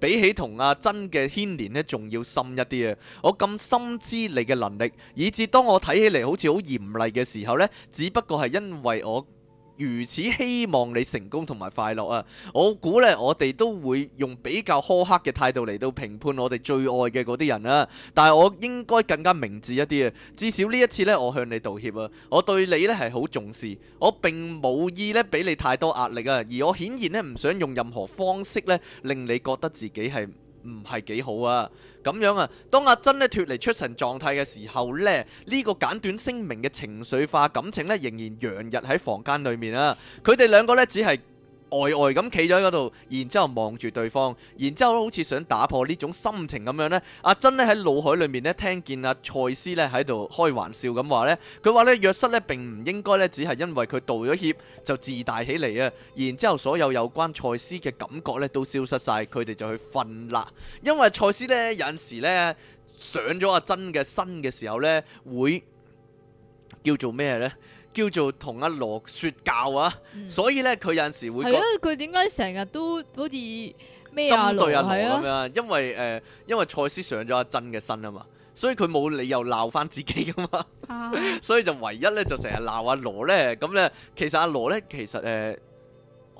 比起同阿珍嘅牽連咧，仲要深一啲啊，我咁深知你嘅能力，以至當我睇起嚟好似好嚴厲嘅時候呢，只不過係因為我，如此希望你成功同埋快樂啊！我估呢，我哋都會用比較苛刻嘅態度嚟到評判我哋最愛嘅嗰啲人啊。但係我應該更加明智一啲啊！至少呢一次呢，我向你道歉啊！我對你呢係好重視，我並冇意呢俾你太多壓力啊！而我顯然呢，唔想用任何方式呢令你覺得自己係。唔係幾好啊！咁樣啊，當阿珍呢脫離出神狀態嘅時候呢，呢個簡短聲明嘅情緒化感情呢，仍然洋溢喺房間裏面啊！佢哋兩個呢，只係。呆呆咁企咗喺度，然之後望住對方，然之後好似想打破呢種心情咁樣呢。阿珍咧喺腦海裏面呢，聽見阿賽斯咧喺度開玩笑咁話呢。佢話呢，約瑟呢並唔應該呢，只係因為佢道咗歉就自大起嚟啊。然之後所有有關賽斯嘅感覺呢，都消失晒，佢哋就去瞓啦。因為賽斯呢，有陣時咧上咗阿珍嘅身嘅時候呢，會叫做咩呢？叫做同阿羅説教啊，嗯、所以咧佢有陣時會覺得。係，佢點解成日都好似咩針對阿羅咁樣？係啊，的因為誒、呃，因為賽斯上咗阿珍嘅身啊嘛，所以佢冇理由鬧翻自己噶嘛，啊、 所以就唯一咧就成日鬧阿羅咧，咁咧其實阿羅咧其實誒。呃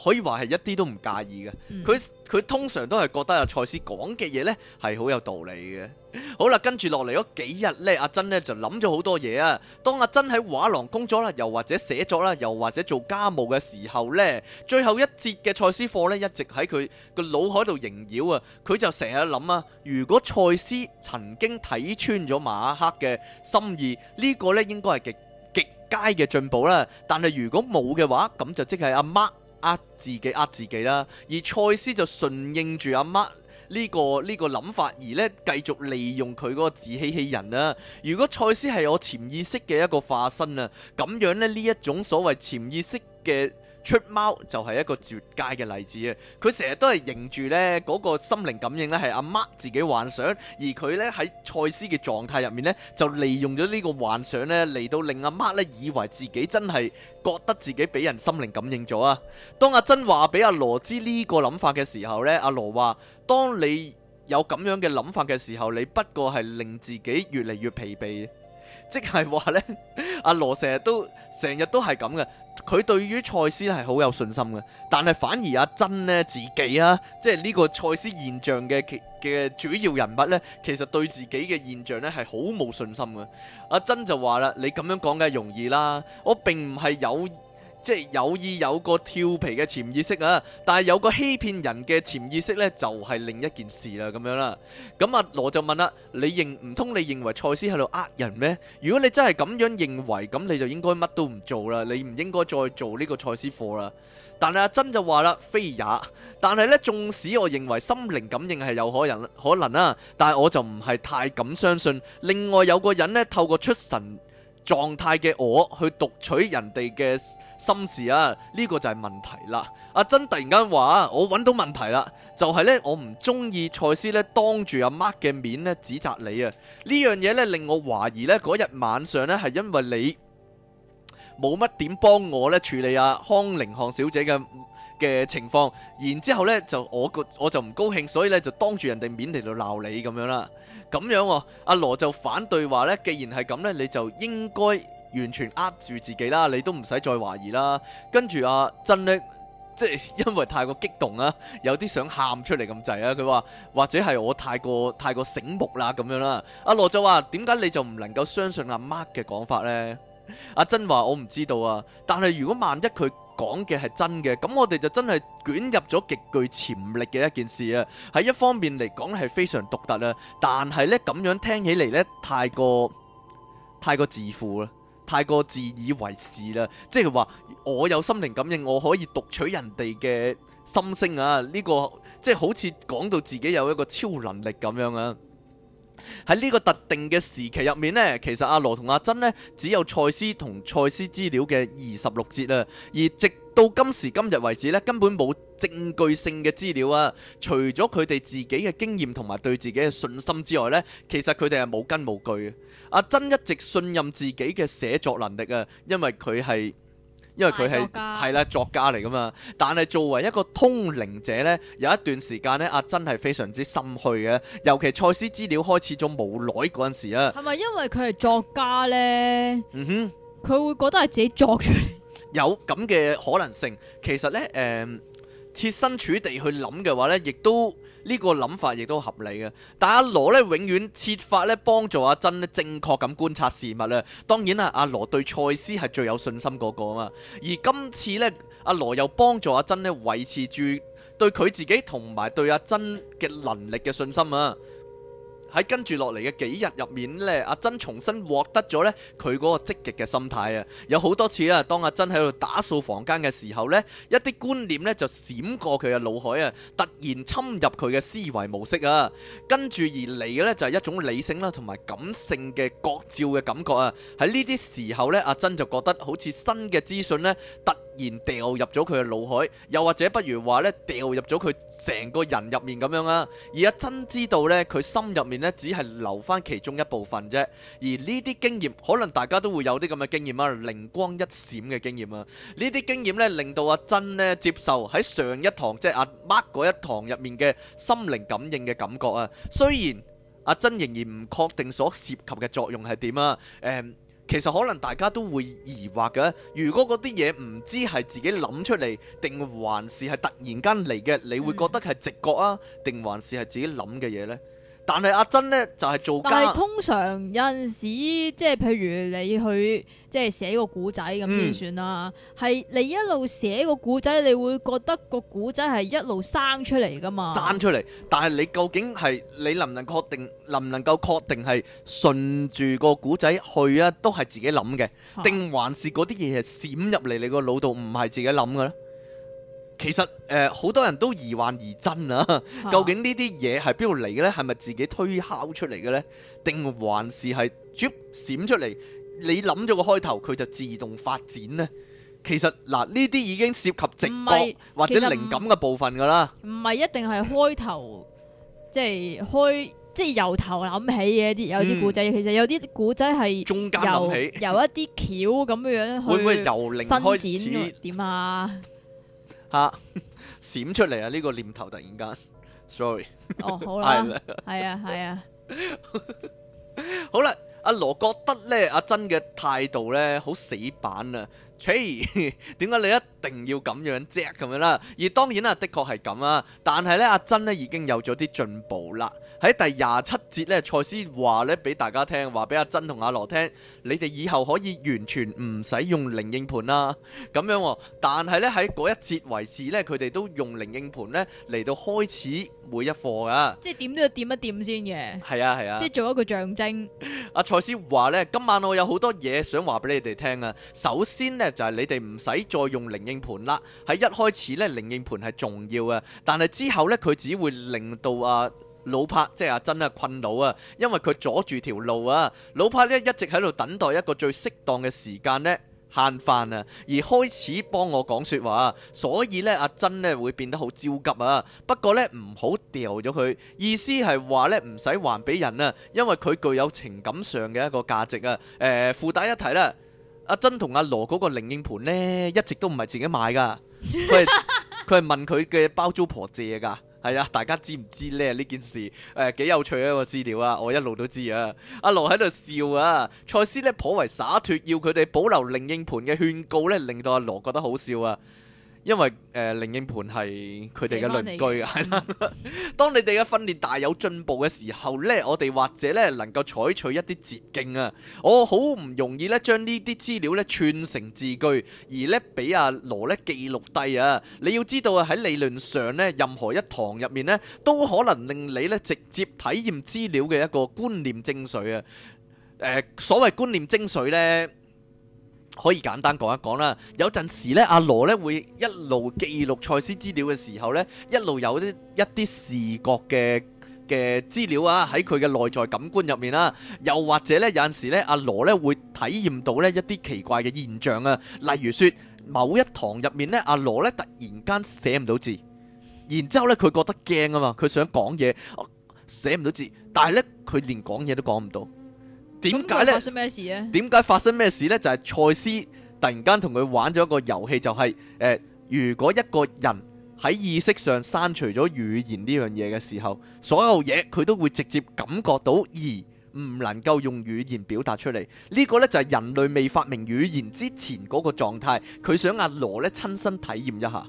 可以話係一啲都唔介意嘅。佢佢、嗯、通常都係覺得阿賽斯講嘅嘢呢係好有道理嘅。 好啦，跟住落嚟嗰幾日呢，阿珍呢就諗咗好多嘢啊。當阿珍喺畫廊工作啦，又或者寫作啦，又或者做家務嘅時候呢，最後一節嘅賽斯課呢一直喺佢個腦海度縈繞啊。佢就成日諗啊，如果賽斯曾經睇穿咗馬克嘅心意，呢、呢個呢應該係極極佳嘅進步啦。但係如果冇嘅話，咁就即係阿媽。呃自己呃自己啦，而塞斯就順應住阿媽呢個呢個諗法而咧繼續利用佢嗰個自欺欺人啦。如果塞斯係我潛意識嘅一個化身啊，咁樣咧呢一種所謂潛意識嘅。出貓就係一個絕佳嘅例子啊！佢成日都係迎住呢嗰、那個心靈感應呢係阿媽自己幻想，而佢呢喺賽斯嘅狀態入面呢，就利用咗呢個幻想呢嚟到令阿、啊、媽呢以為自己真係覺得自己俾人心靈感應咗啊！當阿珍話俾阿羅知呢個諗法嘅時候呢，阿、啊、羅話：「當你有咁樣嘅諗法嘅時候，你不過係令自己越嚟越疲憊。」即係話呢，阿、啊、羅成日都成日都係咁嘅。佢對於賽斯係好有信心嘅，但係反而阿珍呢自己啊，即係呢個賽斯現象嘅嘅主要人物呢，其實對自己嘅現象呢係好冇信心嘅。阿珍就話啦：你咁樣講嘅容易啦，我並唔係有。即係有意有個跳皮嘅潛意識啊，但係有個欺騙人嘅潛意識呢，就係、是、另一件事啦，咁樣啦、啊。咁阿羅就問啦：你認唔通你認為賽斯喺度呃人咩？如果你真係咁樣認為，咁你就應該乜都唔做啦，你唔應該再做呢個賽斯課啦。但係阿珍就話啦：非也。但係呢，縱使我認為心靈感應係有可能，可能啦、啊，但係我就唔係太敢相信。另外有個人呢，透過出神。狀態嘅我去讀取人哋嘅心事啊，呢、這個就係問題啦。阿、啊、珍突然間話我揾到問題啦，就係、是、呢。我唔中意蔡司呢當住阿、啊、Mark 嘅面呢指責你啊，呢樣嘢呢，令我懷疑呢。嗰日晚上呢，係因為你冇乜點幫我呢處理啊。康寧漢小姐嘅。嘅情況，然之後呢，就我個我就唔高興，所以咧就當住人哋面嚟到鬧你咁樣啦。咁樣阿、哦、羅、啊、就反對話呢，既然係咁呢，你就應該完全呃住自己啦，你都唔使再懷疑啦。跟住阿珍呢，即係因為太過激動啦、啊，有啲想喊出嚟咁滯啊。佢話或者係我太過太過醒目啦咁樣啦。阿、啊、羅就話點解你就唔能夠相信阿媽嘅講法呢？阿、啊、珍話我唔知道啊，但係如果萬一佢，講嘅係真嘅，咁我哋就真係捲入咗極具潛力嘅一件事啊！喺一方面嚟講係非常獨特啊，但係呢咁樣聽起嚟呢，太過太過自負啦，太過自以為是啦，即係話我有心靈感應，我可以讀取人哋嘅心聲啊！呢、呢個即係、即係、好似講到自己有一個超能力咁樣啊！喺呢個特定嘅時期入面呢，其實阿羅同阿珍呢，只有賽斯同賽斯資料嘅二十六節啊，而直到今時今日為止呢，根本冇證據性嘅資料啊，除咗佢哋自己嘅經驗同埋對自己嘅信心之外呢，其實佢哋係冇根冇據嘅。阿珍一直信任自己嘅寫作能力啊，因為佢係。因為佢係作家係啦，作家嚟噶嘛，但係作為一個通靈者呢，有一段時間呢，阿珍係非常之心虛嘅，尤其賽斯資料開始咗無耐嗰陣時啊，係咪因為佢係作家呢？嗯哼，佢會覺得係自己作出嚟有咁嘅可能性，其實呢，誒、嗯，切身處地去諗嘅話呢，亦都。呢個諗法亦都合理嘅，但阿羅咧永遠設法咧幫助阿珍咧正確噉觀察事物啦。當然啦，阿羅對賽斯係最有信心嗰個啊嘛。而今次咧，阿羅又幫助阿珍咧維持住對佢自己同埋對阿珍嘅能力嘅信心啊。喺跟住落嚟嘅幾日入面呢，阿珍重新獲得咗呢佢嗰個積極嘅心態啊！有好多次啊，當阿珍喺度打掃房間嘅時候呢，一啲觀念呢就閃過佢嘅腦海啊，突然侵入佢嘅思維模式啊！跟住而嚟嘅呢，就係一種理性啦同埋感性嘅覺照嘅感覺啊！喺呢啲時候呢，阿珍就覺得好似新嘅資訊呢，突然掉入咗佢嘅腦海，又或者不如話咧，掉入咗佢成個人入面咁樣啦。而阿珍知道咧，佢心入面咧只係留返其中一部分啫。而呢啲經驗，可能大家都會有啲咁嘅經驗啦，靈光一閃嘅經驗啊。呢啲經驗咧，令到阿珍咧接受喺上一堂即係阿 Mark 嗰一堂入面嘅心靈感應嘅感覺啊。雖然阿珍仍然唔確定所涉及嘅作用係點啊，誒。其實可能大家都會疑惑嘅，如果嗰啲嘢唔知係自己諗出嚟，定還是係突然間嚟嘅，你會覺得係直覺啊，定還是係自己諗嘅嘢呢？但係阿珍呢，就係、是、做家，但係通常有陣時即係譬如你去即係寫個古仔咁先算啦，係、嗯、你一路寫個古仔，你會覺得個古仔係一路生出嚟噶嘛？生出嚟，但係你究竟係你能唔能確定，能唔能夠確定係順住個古仔去啊？都係自己諗嘅，定還是嗰啲嘢係閃入嚟你個腦度唔係自己諗嘅咧？其實誒，好、呃、多人都疑幻疑真啊！啊究竟呢啲嘢係邊度嚟嘅咧？係咪自己推敲出嚟嘅咧？定還是係只要閃出嚟，你諗咗個開頭，佢就自動發展咧？其實嗱，呢啲已經涉及直覺或者靈感嘅部分噶啦。唔係一定係開頭，即係開，即係由頭諗起嘅一啲有啲古仔。嗯、其實有啲古仔係中間諗起，由一啲橋咁樣樣，會唔會由零開始？點啊？嚇！閃出嚟啊！呢、呢個念頭突然間 sorry 哦，好啦，係啊，係啊， 好啦，阿、啊、羅覺得咧，阿珍嘅態度咧好死板啊。點、okay, 解 你一？一定要咁樣，即咁樣啦，而當然啦，的確係咁啊。但係呢，阿珍呢已經有咗啲進步啦。喺第廿七節呢，賽斯話呢俾大家聽話，俾阿珍同阿羅聽，你哋以後可以完全唔使用，用靈應盤啦。咁樣，哦，但係呢，喺嗰一節為止呢，佢哋都用靈應盤呢嚟到開始每一課噶。即係點都要點一點先嘅。係啊係啊。啊即係做一個象徵。阿賽斯話呢，今晚我有好多嘢想話俾你哋聽啊。首先呢，就係、是、你哋唔使再用靈應。盤啦，喺一開始咧，靈應盤係重要啊。但係之後咧，佢只會令到阿老帕即係阿珍啊困擾啊，因為佢阻住條路啊。老帕咧一直喺度等待一個最適當嘅時間咧慳翻啊，而開始幫我講說話，所以咧阿珍呢，會變得好焦急啊。不過咧唔好掉咗佢，意思係話咧唔使還俾人啊，因為佢具有情感上嘅一個價值啊。誒，附帶一提咧。阿珍同阿羅嗰個靈應盤呢，一直都唔係自己買噶，佢係佢問佢嘅包租婆借噶，係啊，大家知唔知呢？呢件事誒，幾、哎、有趣啊個資料啊，我一路都知啊。阿羅喺度笑啊，蔡思呢頗為灑脫，要佢哋保留靈應盤嘅勸告呢，令到阿羅覺得好笑啊。因為誒，靈應盤係佢哋嘅鄰居啊。你 當你哋嘅訓練大有進步嘅時候呢，我哋或者咧能夠採取一啲捷徑啊。我好唔容易咧，將呢啲資料咧串成字句，而咧俾阿羅咧記錄低啊。你要知道啊，喺理論上咧，任何一堂入面咧，都可能令你咧直接體驗資料嘅一個觀念精髓啊，呃，所謂觀念精髓呢。可以簡單講一講啦。有陣時呢，阿羅咧會一路記錄賽斯資料嘅時候呢，一路有啲一啲視覺嘅嘅資料啊，喺佢嘅內在感官入面啦。又或者呢，有陣時呢，阿羅咧會體驗到呢一啲奇怪嘅現象啊。例如說，某一堂入面呢，阿羅咧突然間寫唔到字，然之後呢，佢覺得驚啊嘛，佢想講嘢，寫唔到字，但係呢，佢連講嘢都講唔到。點解呢？點解發生咩事呢？就係賽斯突然間同佢玩咗一個遊戲，就係、是、誒、呃，如果一個人喺意識上刪除咗語言呢樣嘢嘅時候，所有嘢佢都會直接感覺到，而唔能夠用語言表達出嚟。呢、這個呢，就係、是、人類未發明語言之前嗰個狀態。佢想阿羅呢親身體驗一下。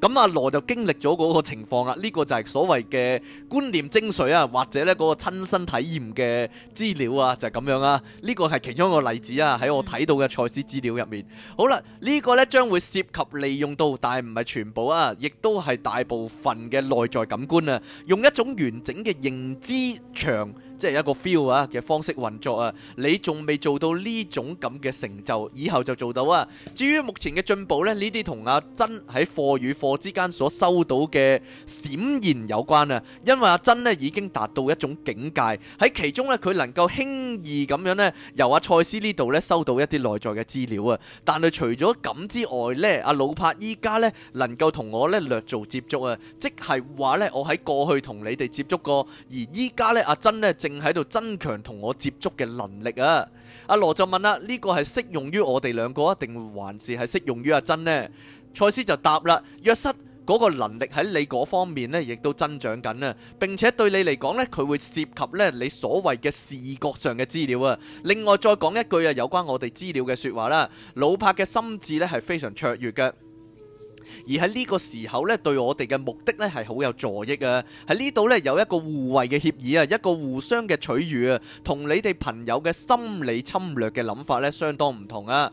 咁阿羅就經歷咗個情況啊！呢、這個就係所謂嘅觀念精髓啊，或者咧個親身體驗嘅資料啊，就係、是、咁樣啦、啊。呢、這個係其中一個例子啊，喺我睇到嘅賽斯資料入面。好啦，這個、呢個咧將會涉及利用到，但係唔係全部啊，亦都係大部分嘅內在感官啊。用一種完整嘅認知場，即係一個 feel 啊嘅方式運作啊。你仲未做到呢種咁嘅成就，以後就做到啊。至於目前嘅進步咧，呢啲同阿珍喺課與課。我之間所收到嘅閃現有關啊，因為阿珍咧已經達到一種境界喺其中咧，佢能夠輕易咁樣咧由阿賽斯呢度咧收到一啲內在嘅資料啊。但係除咗咁之外咧，阿老柏依家咧能夠同我咧略做接觸啊，即係話咧我喺過去同你哋接觸過，而依家咧阿珍咧正喺度增強同我接觸嘅能力啊。阿羅就問啦，呢個係適用於我哋兩個，定還是係適用於阿珍咧？賽斯就答啦，約瑟嗰個能力喺你嗰方面呢，亦都增長緊啊！並且對你嚟講呢，佢會涉及呢你所謂嘅視覺上嘅資料啊。另外再講一句啊，有關我哋資料嘅説話啦，老柏嘅心智呢係非常卓越嘅，而喺呢個時候呢，對我哋嘅目的呢係好有助益啊！喺呢度呢，有一個互惠嘅協議啊，一個互相嘅取予啊，同你哋朋友嘅心理侵略嘅諗法呢相當唔同啊！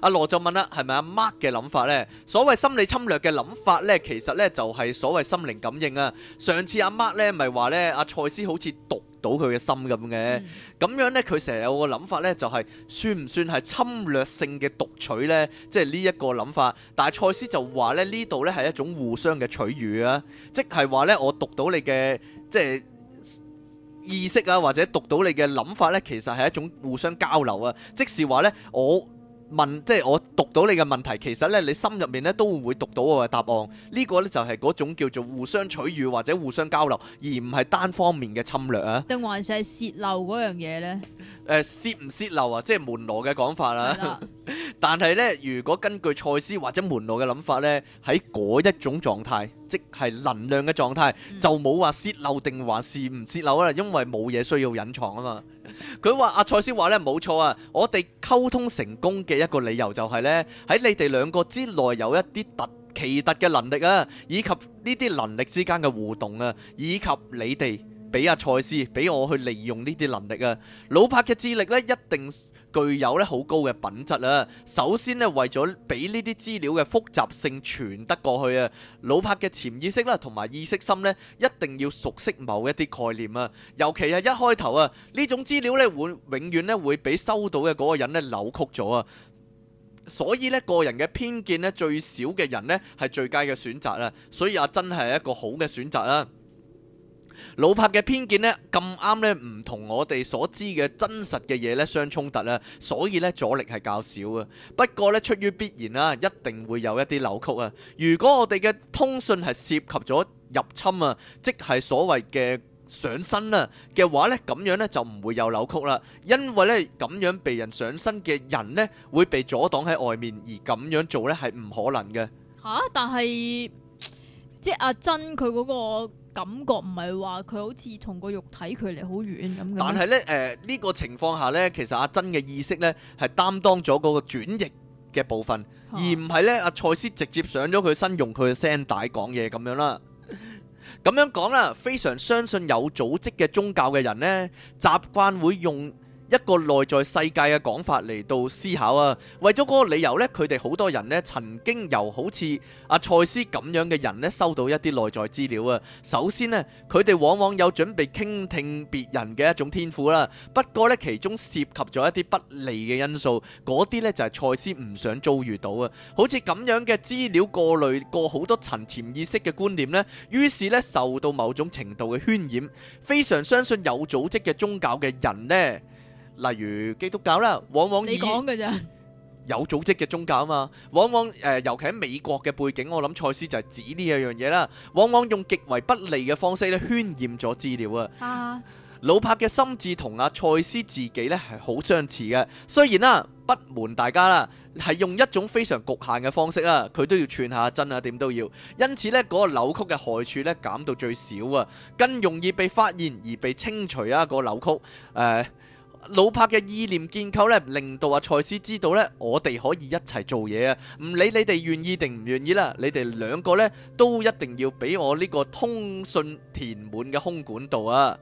阿羅、啊、就問啦，係咪阿 Mark 嘅諗法呢？所謂心理侵略嘅諗法呢，其實呢就係、是、所謂心靈感應啊。上次阿、啊、Mark 呢咪話呢，阿蔡思好似讀到佢嘅心咁嘅，咁、嗯、樣呢，佢成日有個諗法呢，就係、是、算唔算係侵略性嘅讀取呢？即係呢一個諗法，但係蔡思就話呢呢度呢係一種互相嘅取予啊，即係話呢，我讀到你嘅即係意識啊，或者讀到你嘅諗法呢，其實係一種互相交流啊，即是話呢，我問即係我讀到你嘅問題，其實咧你心入面咧都會會讀到我嘅答案。呢、這個咧就係嗰種叫做互相取予或者互相交流，而唔係單方面嘅侵略啊。定還是係洩漏嗰樣嘢呢？誒，泄唔泄漏啊？即係門羅嘅講法啦、啊。 但係呢，如果根據賽斯或者門羅嘅諗法呢，喺嗰一種狀態，即係能量嘅狀態，嗯、就冇話泄漏定還是唔泄漏啊？因為冇嘢需要隱藏啊嘛。佢話阿賽斯話呢，冇錯啊。我哋溝通成功嘅一個理由就係呢，喺你哋兩個之內有一啲特奇特嘅能力啊，以及呢啲能力之間嘅互動啊，以及你哋。俾阿賽斯，俾我去利用呢啲能力啊！老柏嘅智力呢，一定具有咧好高嘅品質啊！首先呢，為咗俾呢啲資料嘅複雜性傳得過去啊，老柏嘅潛意識啦，同埋意識心呢，一定要熟悉某一啲概念啊！尤其係一開頭啊，呢種資料呢，會永遠咧會俾收到嘅嗰個人咧扭曲咗啊！所以呢，個人嘅偏見呢，最少嘅人呢，係最佳嘅選擇啊！所以啊，真係一個好嘅選擇啦。老柏嘅偏見呢，咁啱呢，唔同我哋所知嘅真實嘅嘢呢，相衝突啦，所以呢，阻力係較少嘅。不過呢，出於必然啦、啊，一定會有一啲扭曲啊。如果我哋嘅通訊係涉及咗入侵啊，即係所謂嘅上身啊嘅話呢，咁樣呢就唔會有扭曲啦。因為呢，咁樣被人上身嘅人呢，會被阻擋喺外面，而咁樣做呢係唔可能嘅。嚇、啊！但係即阿珍佢嗰個。感覺唔係話佢好似同個肉體距離好遠咁，但係咧，誒呢、呃呢個情況下咧，其實阿珍嘅意識咧係擔當咗嗰個轉譯嘅部分，而唔係咧阿賽斯直接上咗佢身用佢嘅聲帶講嘢咁樣啦。咁 樣講啦，非常相信有組織嘅宗教嘅人咧，習慣會用一個內在世界嘅講法嚟到思考啊，為咗嗰個理由呢，佢哋好多人呢曾經由好似阿賽斯咁樣嘅人呢收到一啲內在資料啊。首先呢，佢哋往往有準備傾聽別人嘅一種天賦啦。不過呢，其中涉及咗一啲不利嘅因素，嗰啲呢，就係賽斯唔想遭遇到啊。好似咁樣嘅資料過濾過好多層潛意識嘅觀念呢，於是呢，受到某種程度嘅渲染，非常相信有組織嘅宗教嘅人呢，例如基督教啦，往往你講嘅咋有組織嘅宗教啊嘛，往往誒、呃，尤其喺美國嘅背景，我諗賽斯就係指呢一樣嘢啦。往往用極為不利嘅方式咧，渲染咗資料啊。啊，魯柏嘅心智同阿賽斯自己咧係好相似嘅，雖然啦、啊，不瞞大家啦，係用一種非常局限嘅方式啊，佢都要串下真啊，點都要。因此咧，嗰、那個扭曲嘅害處咧減到最少啊，更容易被發現而被清除啊、那個扭曲誒。呃老柏嘅意念建構咧，令到阿蔡斯知道咧，我哋可以一齊做嘢啊！唔理你哋願意定唔願意啦，你哋兩個咧都一定要俾我呢個通訊填滿嘅空管道啊！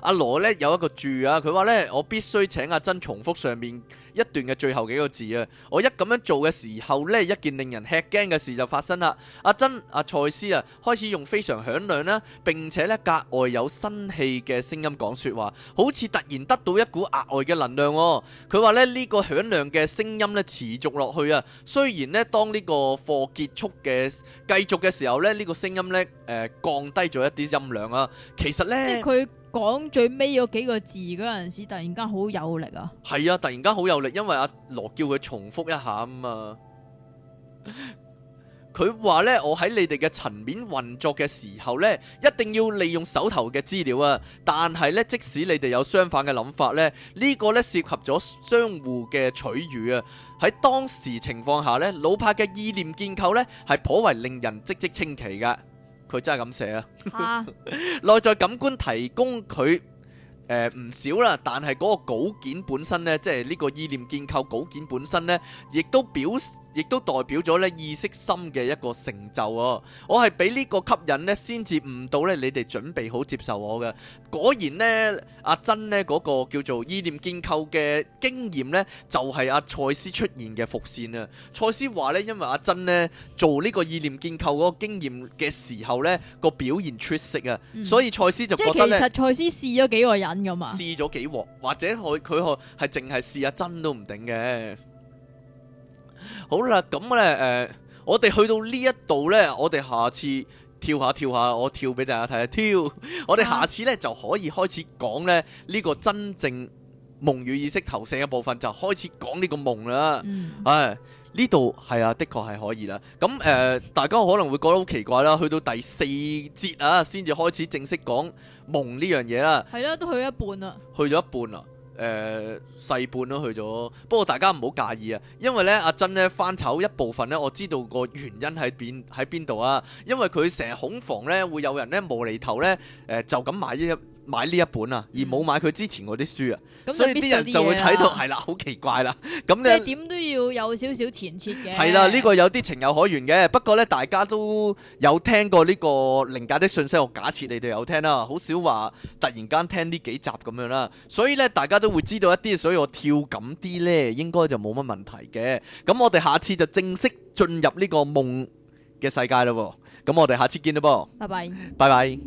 阿、啊、羅咧有一個註啊，佢話咧我必須請阿、啊、珍重複上面一段嘅最後幾個字啊。我一咁樣做嘅時候呢，一件令人吃驚嘅事就發生啦。阿、啊、珍、阿、啊、賽斯啊，開始用非常響亮啦、啊，並且咧格外有新氣嘅聲音講說話，好似突然得到一股額外嘅能量喎、啊。佢話咧呢、這個響亮嘅聲音咧持續落去啊。雖然呢，當呢個課結束嘅繼續嘅時候咧，呢、這個聲音咧誒、呃、降低咗一啲音量啊。其實咧，即係佢。講最尾嗰幾個字嗰陣時，突然間好有力啊！係啊，突然間好有力，因為阿、啊、羅叫佢重複一下啊嘛。佢 話呢，我喺你哋嘅層面運作嘅時候呢，一定要利用手頭嘅資料啊。但係呢，即使你哋有相反嘅諗法呢，呢、這個呢，涉及咗相互嘅取予啊。喺當時情況下呢，老柏嘅意念建構呢，係頗為令人嘖嘖稱奇噶。佢真係咁寫啊！內在感官提供佢誒唔少啦，但係嗰個稿件本身咧，即係呢個意念建構稿件本身咧，亦都表示。亦都代表咗咧意識心嘅一個成就啊、哦！我係俾呢個吸引咧，先至悟到咧，你哋準備好接受我嘅。果然呢，阿、啊、珍呢嗰、那個叫做意念建構嘅經驗呢，就係阿賽斯出現嘅伏線啊！賽斯話呢，因為阿、啊、珍呢做呢個意念建構嗰個經驗嘅時候呢個表現出色啊，嗯、所以賽斯就覺得、嗯、其實賽斯試咗幾個人咁嘛，試咗幾鑊，或者佢佢係淨係試阿珍都唔定嘅。好啦，咁咧，誒、呃，我哋去到呢一度呢，我哋下次跳下跳下，我跳俾大家睇下跳。我哋下次呢就可以開始講咧呢個真正夢與意識投射嘅部分，就開始講呢個夢啦。嗯、啊。呢度係啊，的確係可以啦。咁誒、呃，大家可能會覺得好奇怪啦，去到第四節啊，先至開始正式講夢呢樣嘢啦。係啦，都去咗一半啦。去咗一半啦。誒、呃、細半咯去咗，不過大家唔好介意啊，因為呢，阿珍呢，翻炒一部分呢，我知道個原因喺邊喺邊度啊，因為佢成日恐防呢，會有人呢無厘頭呢，誒、呃、就咁買一一。買呢一本啊，而冇買佢之前嗰啲書啊，嗯、所以啲人就會睇到係、嗯、啦，好奇怪啦。咁你點都要有少少前設嘅。係啦，呢、呢個有啲情有可原嘅。不過呢，大家都有聽過呢個靈界的信息，我假設你哋有聽啦，好少話突然間聽呢幾集咁樣啦。所以呢，大家都會知道一啲，所以我跳咁啲呢應該就冇乜問題嘅。咁我哋下次就正式進入呢個夢嘅世界咯噃、啊。咁我哋下次見咯噃。拜拜。拜拜。